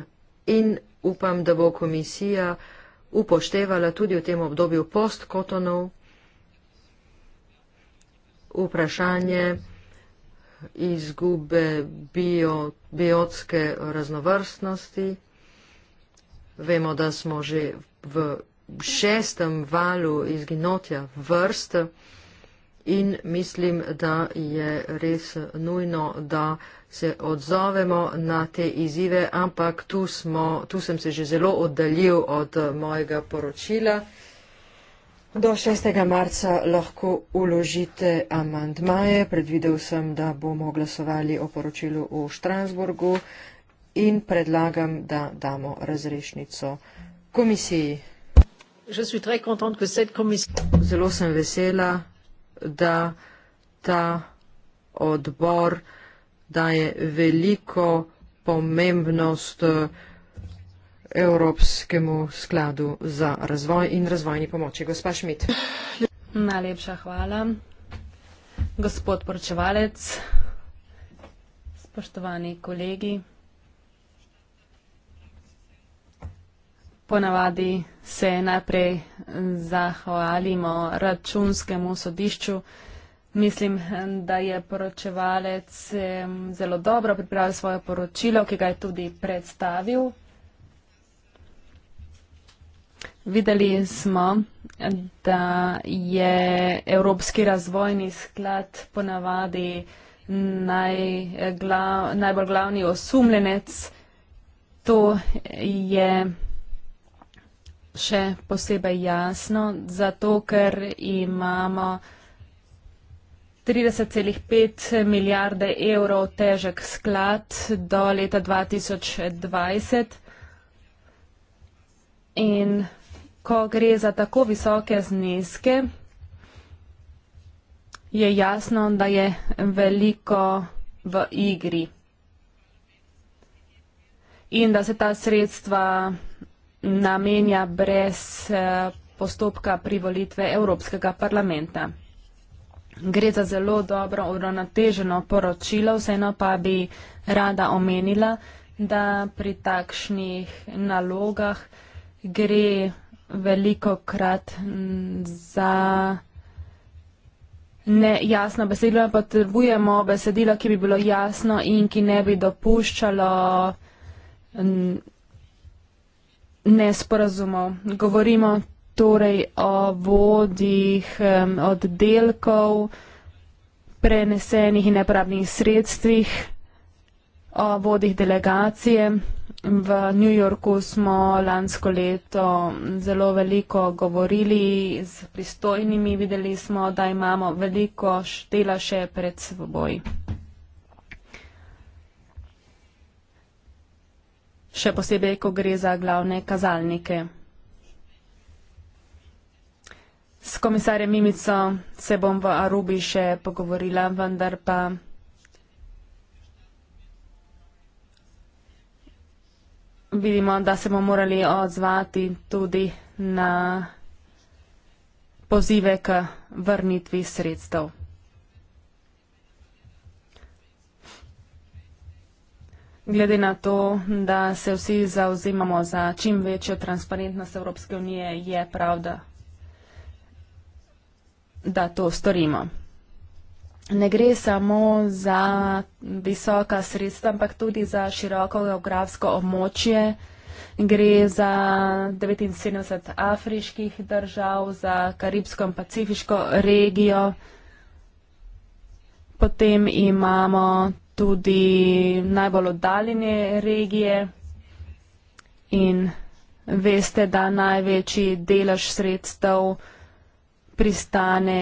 in upam, da bo komisija upoštevala tudi v tem obdobju postkotonov vprašanje izgube bio, biotske raznovrstnosti. Vemo, da smo že v šestem valu izginotja vrst in mislim, da je res nujno, da se odzovemo na te izive, ampak tu, smo, tu sem se že zelo oddaljil od mojega poročila. Do 6. marca lahko uložite amantmaje. Predvidel sem, da bomo glasovali o poročilu v Štransburgu in predlagam, da damo razrešnico komisiji. Zelo sem vesela, da ta odbor daje veliko pomembnost. Evropskemu skladu za razvoj in razvojni pomoči. Gospa Šmit. Najlepša hvala. Gospod poročevalec, spoštovani kolegi, ponavadi se najprej zahvalimo računskemu sodišču. Mislim, da je poročevalec zelo dobro pripravil svoje poročilo, ki ga je tudi predstavil. Videli smo, da je Evropski razvojni sklad ponavadi najgla, najbolj glavni osumljenec. To je še posebej jasno, zato ker imamo 30,5 milijarde evrov težek sklad do leta 2020. In ko gre za tako visoke zneske, je jasno, da je veliko v igri in da se ta sredstva namenja brez eh, postopka privolitve Evropskega parlamenta. Gre za zelo dobro uravnoteženo poročilo, vseeno pa bi rada omenila, da pri takšnih nalogah gre veliko krat za nejasno besedilo. Potrebujemo besedilo, ki bi bilo jasno in ki ne bi dopuščalo nesporazumov. Govorimo torej o vodih oddelkov, prenesenih in neporabnih sredstvih, o vodih delegacije. V New Yorku smo lansko leto zelo veliko govorili z pristojnimi, videli smo, da imamo veliko dela še pred seboj. Še posebej, ko gre za glavne kazalnike. S komisarjem Mimico se bom v Arubi še pogovorila, vendar pa. vidimo, da se bomo morali odzvati tudi na pozive k vrnitvi sredstev. Glede na to, da se vsi zauzimamo za čim večjo transparentnost Evropske unije, je prav, da, da to storimo ne gre samo za visoka sredstva, ampak tudi za široko geografsko območje. Gre za 79 afriških držav, za Karibsko in Pacifiško regijo. Potem imamo tudi najbolj oddaljene regije in veste, da največji delež sredstev pristane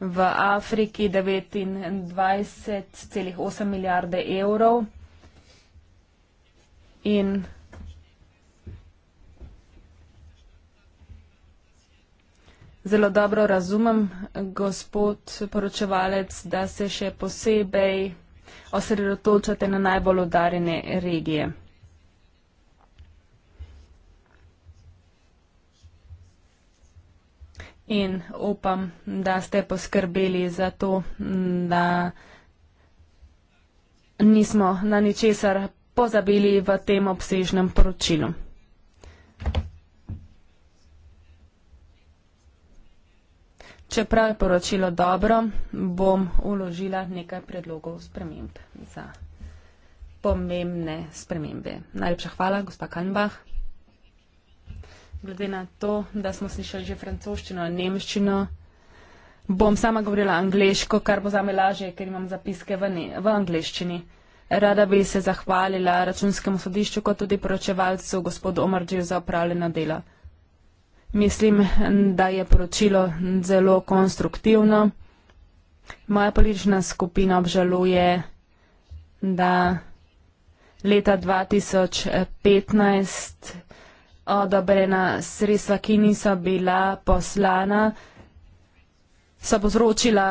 v Afriki 29,8 milijarde evrov in zelo dobro razumem, gospod poročevalec, da se še posebej osredotočate na najbolj udarjene regije. in upam, da ste poskrbeli za to, da nismo na ničesar pozabili v tem obsežnem poročilu. Čeprav je poročilo dobro, bom uložila nekaj predlogov sprememb za pomembne spremembe. Najlepša hvala, gospa Kanbah glede na to, da smo slišali že francoščino in nemščino, bom sama govorila angliško, kar bo za me lažje, ker imam zapiske v, ne, v angliščini. Rada bi se zahvalila računskemu sodišču, kot tudi poročevalcu gospodu Omarđiju za opravljena dela. Mislim, da je poročilo zelo konstruktivno. Moja politična skupina obžaluje, da leta 2015 odobrena sredstva, ki niso bila poslana, so povzročila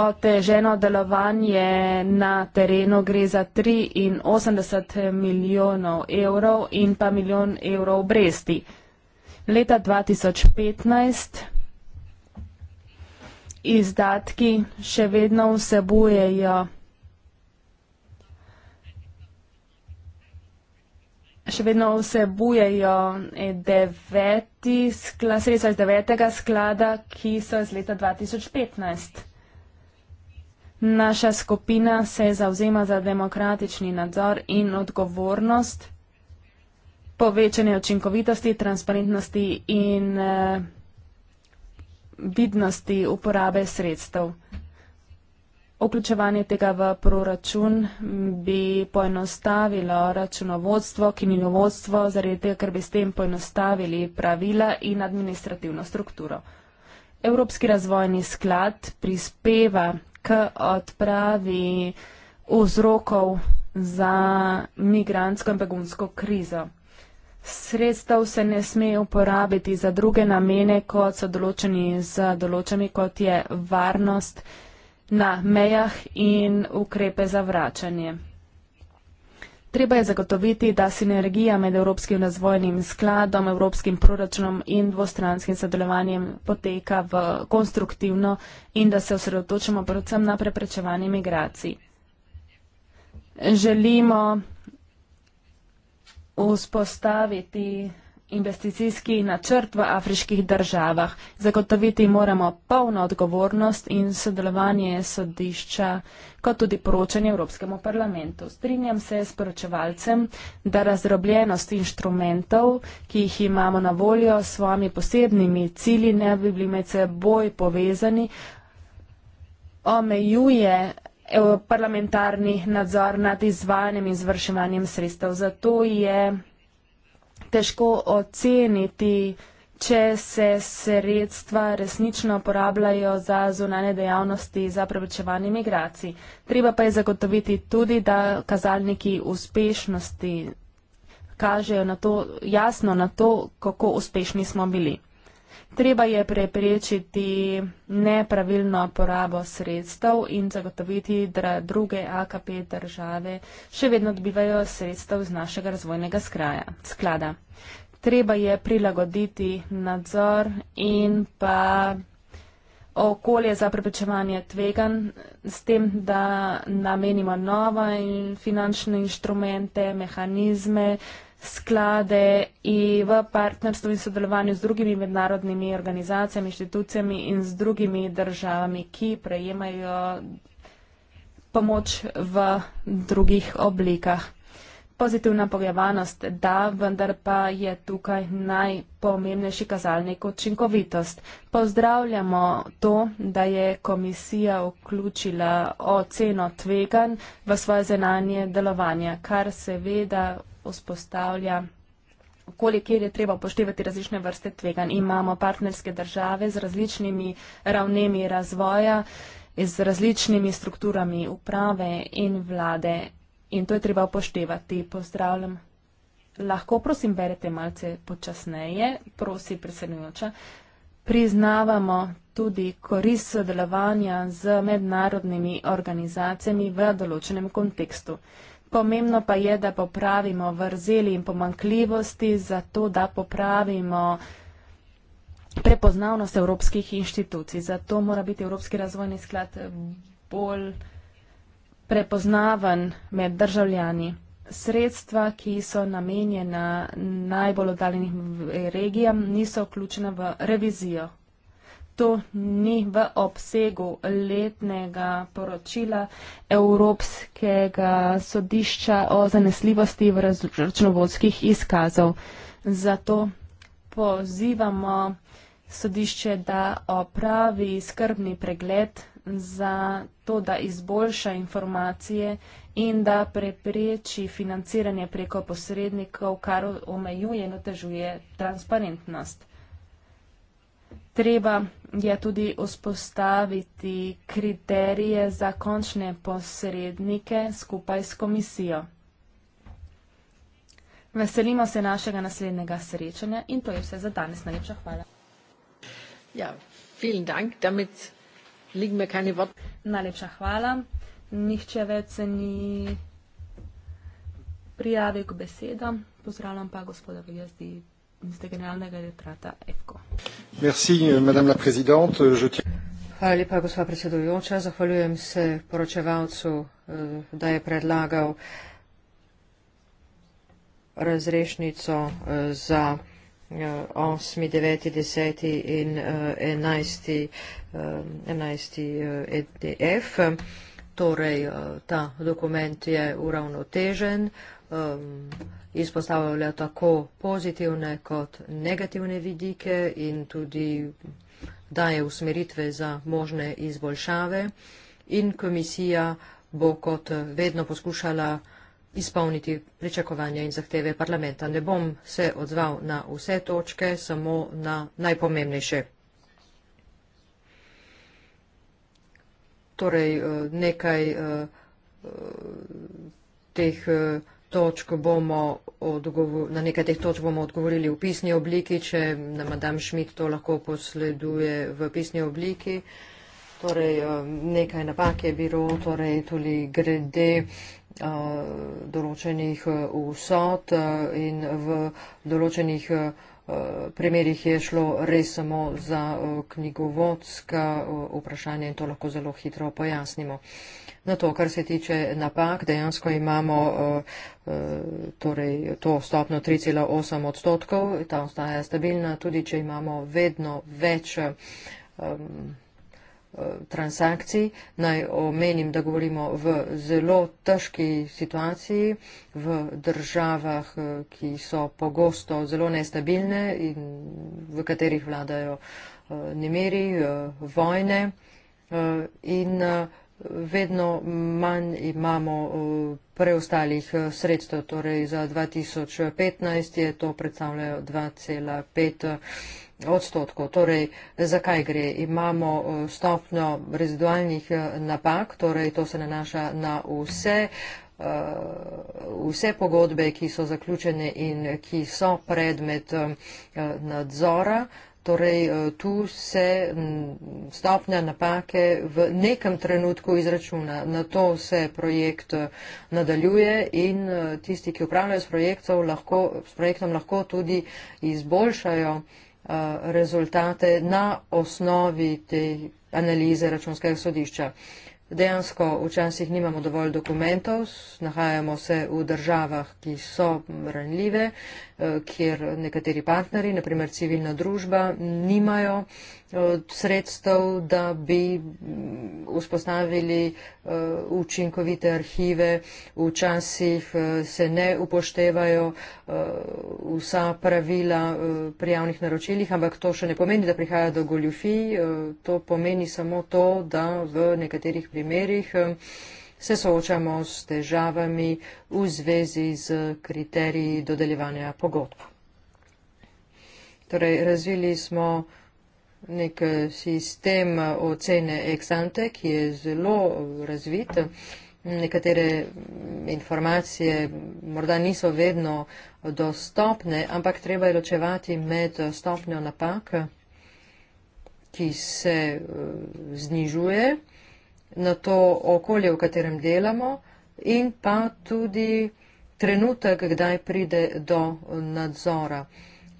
oteženo delovanje na terenu. Gre za 83 milijonov evrov in pa milijon evrov obresti. Leta 2015 izdatki še vedno vsebujejo. še vedno vsebujejo eh, deveti sklad, sredstva iz devetega sklada, ki so iz leta 2015. Naša skupina se zauzema za demokratični nadzor in odgovornost, povečanje učinkovitosti, transparentnosti in eh, vidnosti uporabe sredstev. Vključevanje tega v proračun bi poenostavilo računovodstvo, kinjovodstvo, zaradi tega, ker bi s tem poenostavili pravila in administrativno strukturo. Evropski razvojni sklad prispeva k odpravi vzrokov za migransko in begunsko krizo. Sredstev se ne sme uporabiti za druge namene, kot so določeni z določami, kot je varnost, na mejah in ukrepe za vračanje. Treba je zagotoviti, da sinergija med Evropskim razvojnim skladom, Evropskim proračunom in dvostranskim sodelovanjem poteka v konstruktivno in da se osredotočimo predvsem na preprečevanje migracij. Želimo vzpostaviti investicijski načrt v afriških državah. Zagotoviti moramo polno odgovornost in sodelovanje sodišča, kot tudi poročanje Evropskemu parlamentu. Strinjam se s poročevalcem, da razdrobljenost inštrumentov, ki jih imamo na voljo s svojimi posebnimi cilji, ne bi bili med seboj povezani, omejuje eh, parlamentarni nadzor nad izvajanjem in izvrševanjem sredstev. Zato je težko oceniti, če se sredstva resnično porabljajo za zunanje dejavnosti za preprečevanje migracij. Treba pa je zagotoviti tudi, da kazalniki uspešnosti kažejo na to, jasno na to, kako uspešni smo bili. Treba je preprečiti nepravilno porabo sredstev in zagotoviti, da druge AKP države še vedno dobivajo sredstev z našega razvojnega skraja, sklada. Treba je prilagoditi nadzor in pa okolje za preprečevanje tvegan s tem, da namenimo nove finančne inštrumente, mehanizme, sklade in v partnerstvu in sodelovanju z drugimi mednarodnimi organizacijami, inštitucijami in z drugimi državami, ki prejemajo pomoč v drugih oblikah. Pozitivna pogojevanost, da, vendar pa je tukaj najpomembnejši kazalnik učinkovitost. Pozdravljamo to, da je komisija vključila oceno tvegan v svoje zenanje delovanja, kar seveda vzpostavlja, okoli kjer je treba upoštevati različne vrste tvegan. Imamo partnerske države z različnimi ravnemi razvoja, z različnimi strukturami uprave in vlade in to je treba upoštevati. Pozdravljam. Lahko, prosim, berete malce počasneje, prosi predsedujoča. Priznavamo tudi korist sodelovanja z mednarodnimi organizacijami v določenem kontekstu pomembno pa je, da popravimo vrzeli in pomankljivosti za to, da popravimo prepoznavnost evropskih inštitucij. Zato mora biti Evropski razvojni sklad bolj prepoznaven med državljani. Sredstva, ki so namenjena najbolj oddaljenih regijam, niso vključena v revizijo to ni v obsegu letnega poročila Evropskega sodišča o zanesljivosti v računovodskih izkazov. Zato pozivamo sodišče, da opravi skrbni pregled za to, da izboljša informacije in da prepreči financiranje preko posrednikov, kar omejuje in otežuje transparentnost treba je tudi vzpostaviti kriterije za končne posrednike skupaj s komisijo. Veselimo se našega naslednjega srečanja in to je vse za danes. Najlepša hvala. Ja, vielen Dank, damit liegen mir keine Worte. Najlepša hvala. Nihče več se ni prijavil k besedam. Pozdravljam pa gospoda Vjazdi. Hvala lepa, gospa predsedujoča. Zahvaljujem se poročevalcu, eh, da je predlagal razrešnico eh, za 8., 9., 10. in 11. 11. EDF. Torej, eh, ta dokument je uravnotežen um, izpostavljajo tako pozitivne kot negativne vidike in tudi daje usmeritve za možne izboljšave. In komisija bo kot vedno poskušala izpolniti pričakovanja in zahteve parlamenta. Ne bom se odzval na vse točke, samo na najpomembnejše. Torej, uh, nekaj uh, uh, teh točk bomo na nekaj teh točk bomo odgovorili v pisni obliki, če na madam Schmidt to lahko posleduje v pisni obliki. Torej, um, nekaj napak je bilo, torej tudi grede uh, določenih vsot uh, uh, in v določenih primerjih je šlo res samo za knjigovodska vprašanja in to lahko zelo hitro pojasnimo. Na to, kar se tiče napak, dejansko imamo eh, eh, torej, to stopno 3,8 odstotkov, ta ostaja stabilna, tudi če imamo vedno več eh, transakcij. Naj omenim, da govorimo v zelo težki situaciji, v državah, ki so pogosto zelo nestabilne in v katerih vladajo nemiri, vojne in vedno manj imamo eh, preostalih eh, sredstev. Torej za 2015 je to predstavljajo 2,5 eh, odstotkov. Torej, zakaj gre? Imamo stopnjo rezidualnih napak, torej to se nanaša na vse. Vse pogodbe, ki so zaključene in ki so predmet nadzora, Torej, eh, tu se mm, stopnja napake v nekem trenutku izračuna. Na to se projekt eh, nadaljuje in eh, tisti, ki upravljajo s, lahko, s projektom, lahko tudi izboljšajo rezultate na osnovi te analize računskega sodišča. Dejansko včasih nimamo dovolj dokumentov, nahajamo se v državah, ki so mm, ranljive, Eh, kjer nekateri partneri, naprimer civilna družba, nimajo eh, sredstev, da bi mm, vzpostavili eh, učinkovite arhive. Včasih se ne upoštevajo vsa pravila pri javnih naročilih, ampak to še ne pomeni, da prihaja do goljufij. To pomeni samo to, da v nekaterih primerih se soočamo s težavami v zvezi z kriteriji dodeljevanja pogodb. Torej, razvili smo nek eh, sistem ocene ex-ante, ki je zelo razvit. Nekatere informacije morda niso vedno dostopne, ampak treba je ločevati med stopnjo napak, ki se eh, znižuje na to okolje, v katerem delamo in pa tudi trenutek, kdaj pride do nadzora.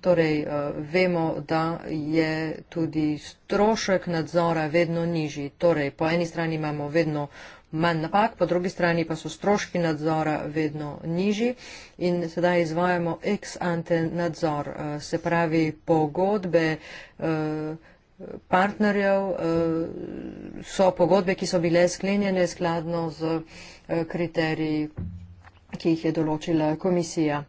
Torej, eh, vemo, da je tudi strošek nadzora vedno nižji. Torej, po eni strani imamo vedno manj napak, po drugi strani pa so stroški nadzora vedno nižji in sedaj izvajamo ex ante nadzor, eh, se pravi pogodbe. Uh, partnerjev, eh, so pogodbe, ki so bile sklenjene skladno z eh, kriteriji, ki jih je določila komisija.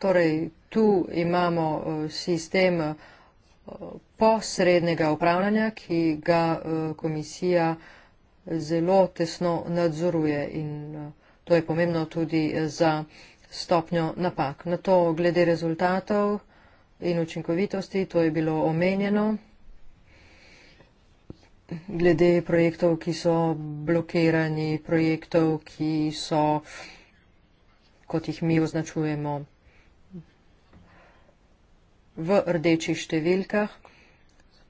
Torej, tu imamo eh, sistem posrednega upravljanja, ki ga komisija zelo tesno nadzoruje in to je pomembno tudi za stopnjo napak. Na to glede rezultatov in učinkovitosti, to je bilo omenjeno. Glede projektov, ki so blokirani, projektov, ki so, kot jih mi označujemo, v rdečih številkah.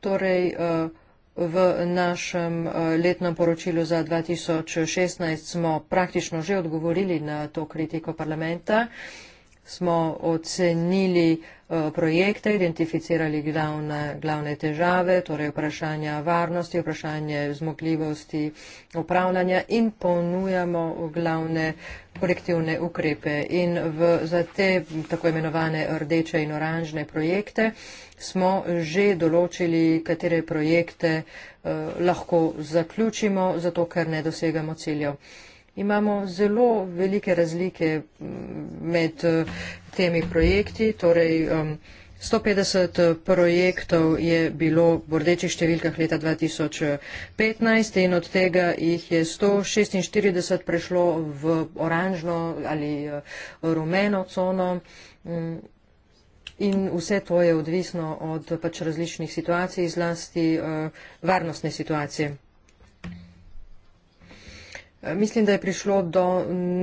Torej, eh, v našem eh, letnem poročilu za 2016 smo praktično že odgovorili na to kritiko parlamenta smo ocenili eh, projekte, identificirali glavne, glavne težave, torej vprašanja varnosti, vprašanje zmogljivosti upravljanja in ponujamo glavne korektivne ukrepe. In v, za te tako imenovane rdeče in oranžne projekte smo že določili, katere projekte eh, lahko zaključimo, zato ker ne dosegamo ciljev imamo zelo velike razlike med eh, temi projekti. Torej, 150 eh, projektov je bilo v rdečih številkah leta 2015 in od tega jih je 146 prešlo v oranžno ali eh, rumeno cono. Mm, in vse to je odvisno od pač različnih situacij, zlasti uh, varnostne situacije. Eh, mislim, da je prišlo do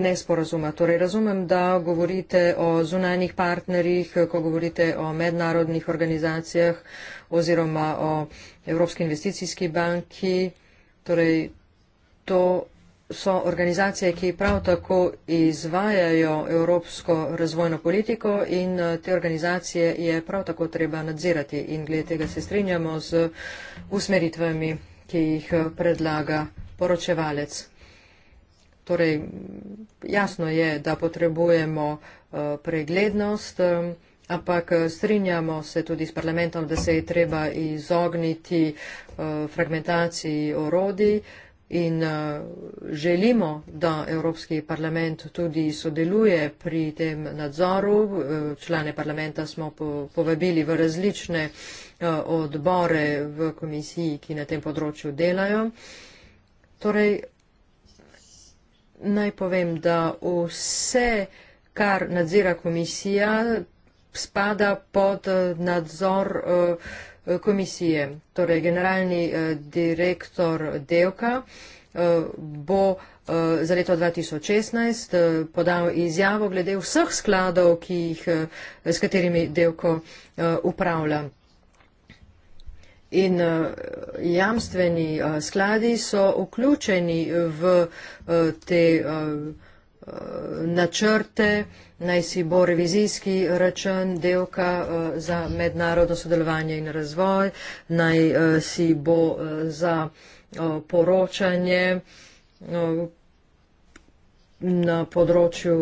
nesporazuma. Torej, razumem, da govorite o zunanjih partnerjih, ko govorite o mednarodnih organizacijah oziroma o Evropski investicijski banki. Torej, to so organizacije, ki prav tako izvajajo evropsko razvojno politiko in eh, te organizacije je prav tako treba nadzirati. In glede tega se strinjamo z usmeritvami, ki jih eh, predlaga poročevalec. Torej, jasno je, da potrebujemo eh, preglednost, eh, ampak eh, strinjamo se tudi s parlamentom, da se je treba izogniti fragmentaciji orodij in želimo, da Evropski parlament tudi sodeluje pri tem nadzoru. Člane parlamenta smo povabili v različne odbore v komisiji, ki na tem področju delajo. Torej, Naj povem, da vse, kar nadzira komisija, spada pod eh, nadzor eh, komisije. Torej, generalni eh, direktor Devka bo za leto 2016 podal izjavo glede vseh skladov, jih, s katerimi Devko upravlja in eh, jamstveni eh, skladi so vključeni v eh, te načrte, naj si bo revizijski račun delka za mednarodno sodelovanje in razvoj, naj si bo za poročanje na področju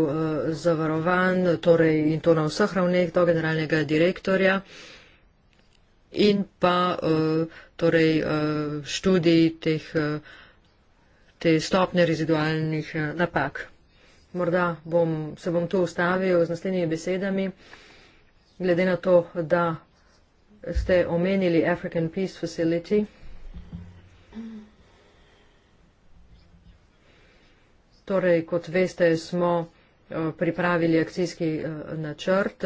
zavarovanj, torej in to na vseh ravneh do generalnega direktorja in pa eh, torej, eh, študij teh, eh, te stopnje rezidualnih napak. Morda bom, se bom tu ustavil z naslednjimi besedami, glede na to, da ste omenili African Peace Facility. Torej, kot veste, smo pripravili akcijski načrt.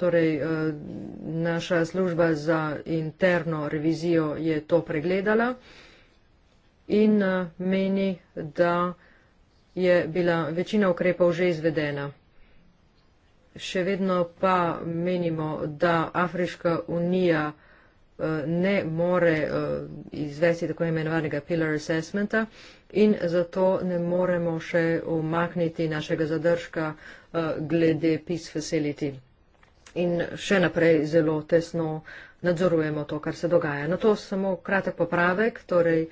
Torej, eh, naša služba za interno revizijo je to pregledala in eh, meni, da je bila večina ukrepov že izvedena. Še vedno pa menimo, da Afriška unija eh, ne more izvesti tako imenovanega pillar assessmenta in zato ne moremo še omakniti našega zadržka glede peace facility in še naprej zelo tesno nadzorujemo to, kar se dogaja. Na to samo kratek popravek, torej eh,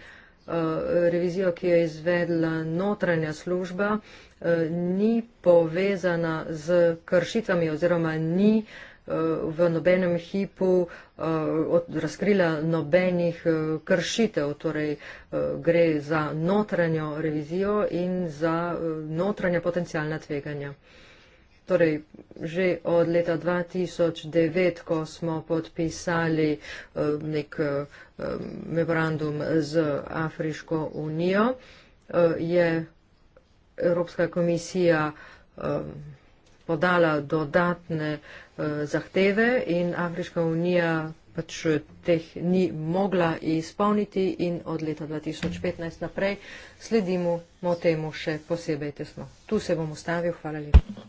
revizijo, ki jo je izvedla notranja služba, eh, ni povezana z kršitvami oziroma ni eh, v nobenem hipu razkrila nobenih kršitev, torej gre za notranjo revizijo in za notranja potencijalna tveganja torej že od leta 2009, ko smo podpisali eh, nek eh, memorandum z Afriško unijo, eh, je Evropska komisija podala dodatne zahteve in Afriška unija pač teh ni mogla izpolniti in od leta 2015 naprej sledimo temu še posebej tesno. Tu se bom ustavil. Hvala lepa.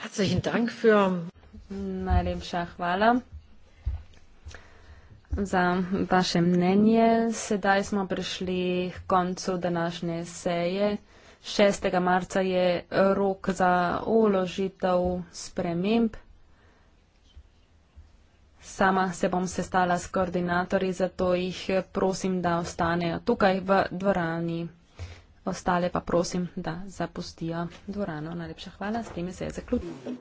Herzlichen Dank für. Najlepša hvala za vaše mnenje. Sedaj smo prišli k koncu današnje seje. 6. marca je rok za uložitev sprememb. Sama se bom sestala s koordinatorji, zato jih prosim, da ostanejo tukaj v dvorani. Ostale pa prosim, da zapustijo dvorano. Najlepša hvala, s tem se je zaključil.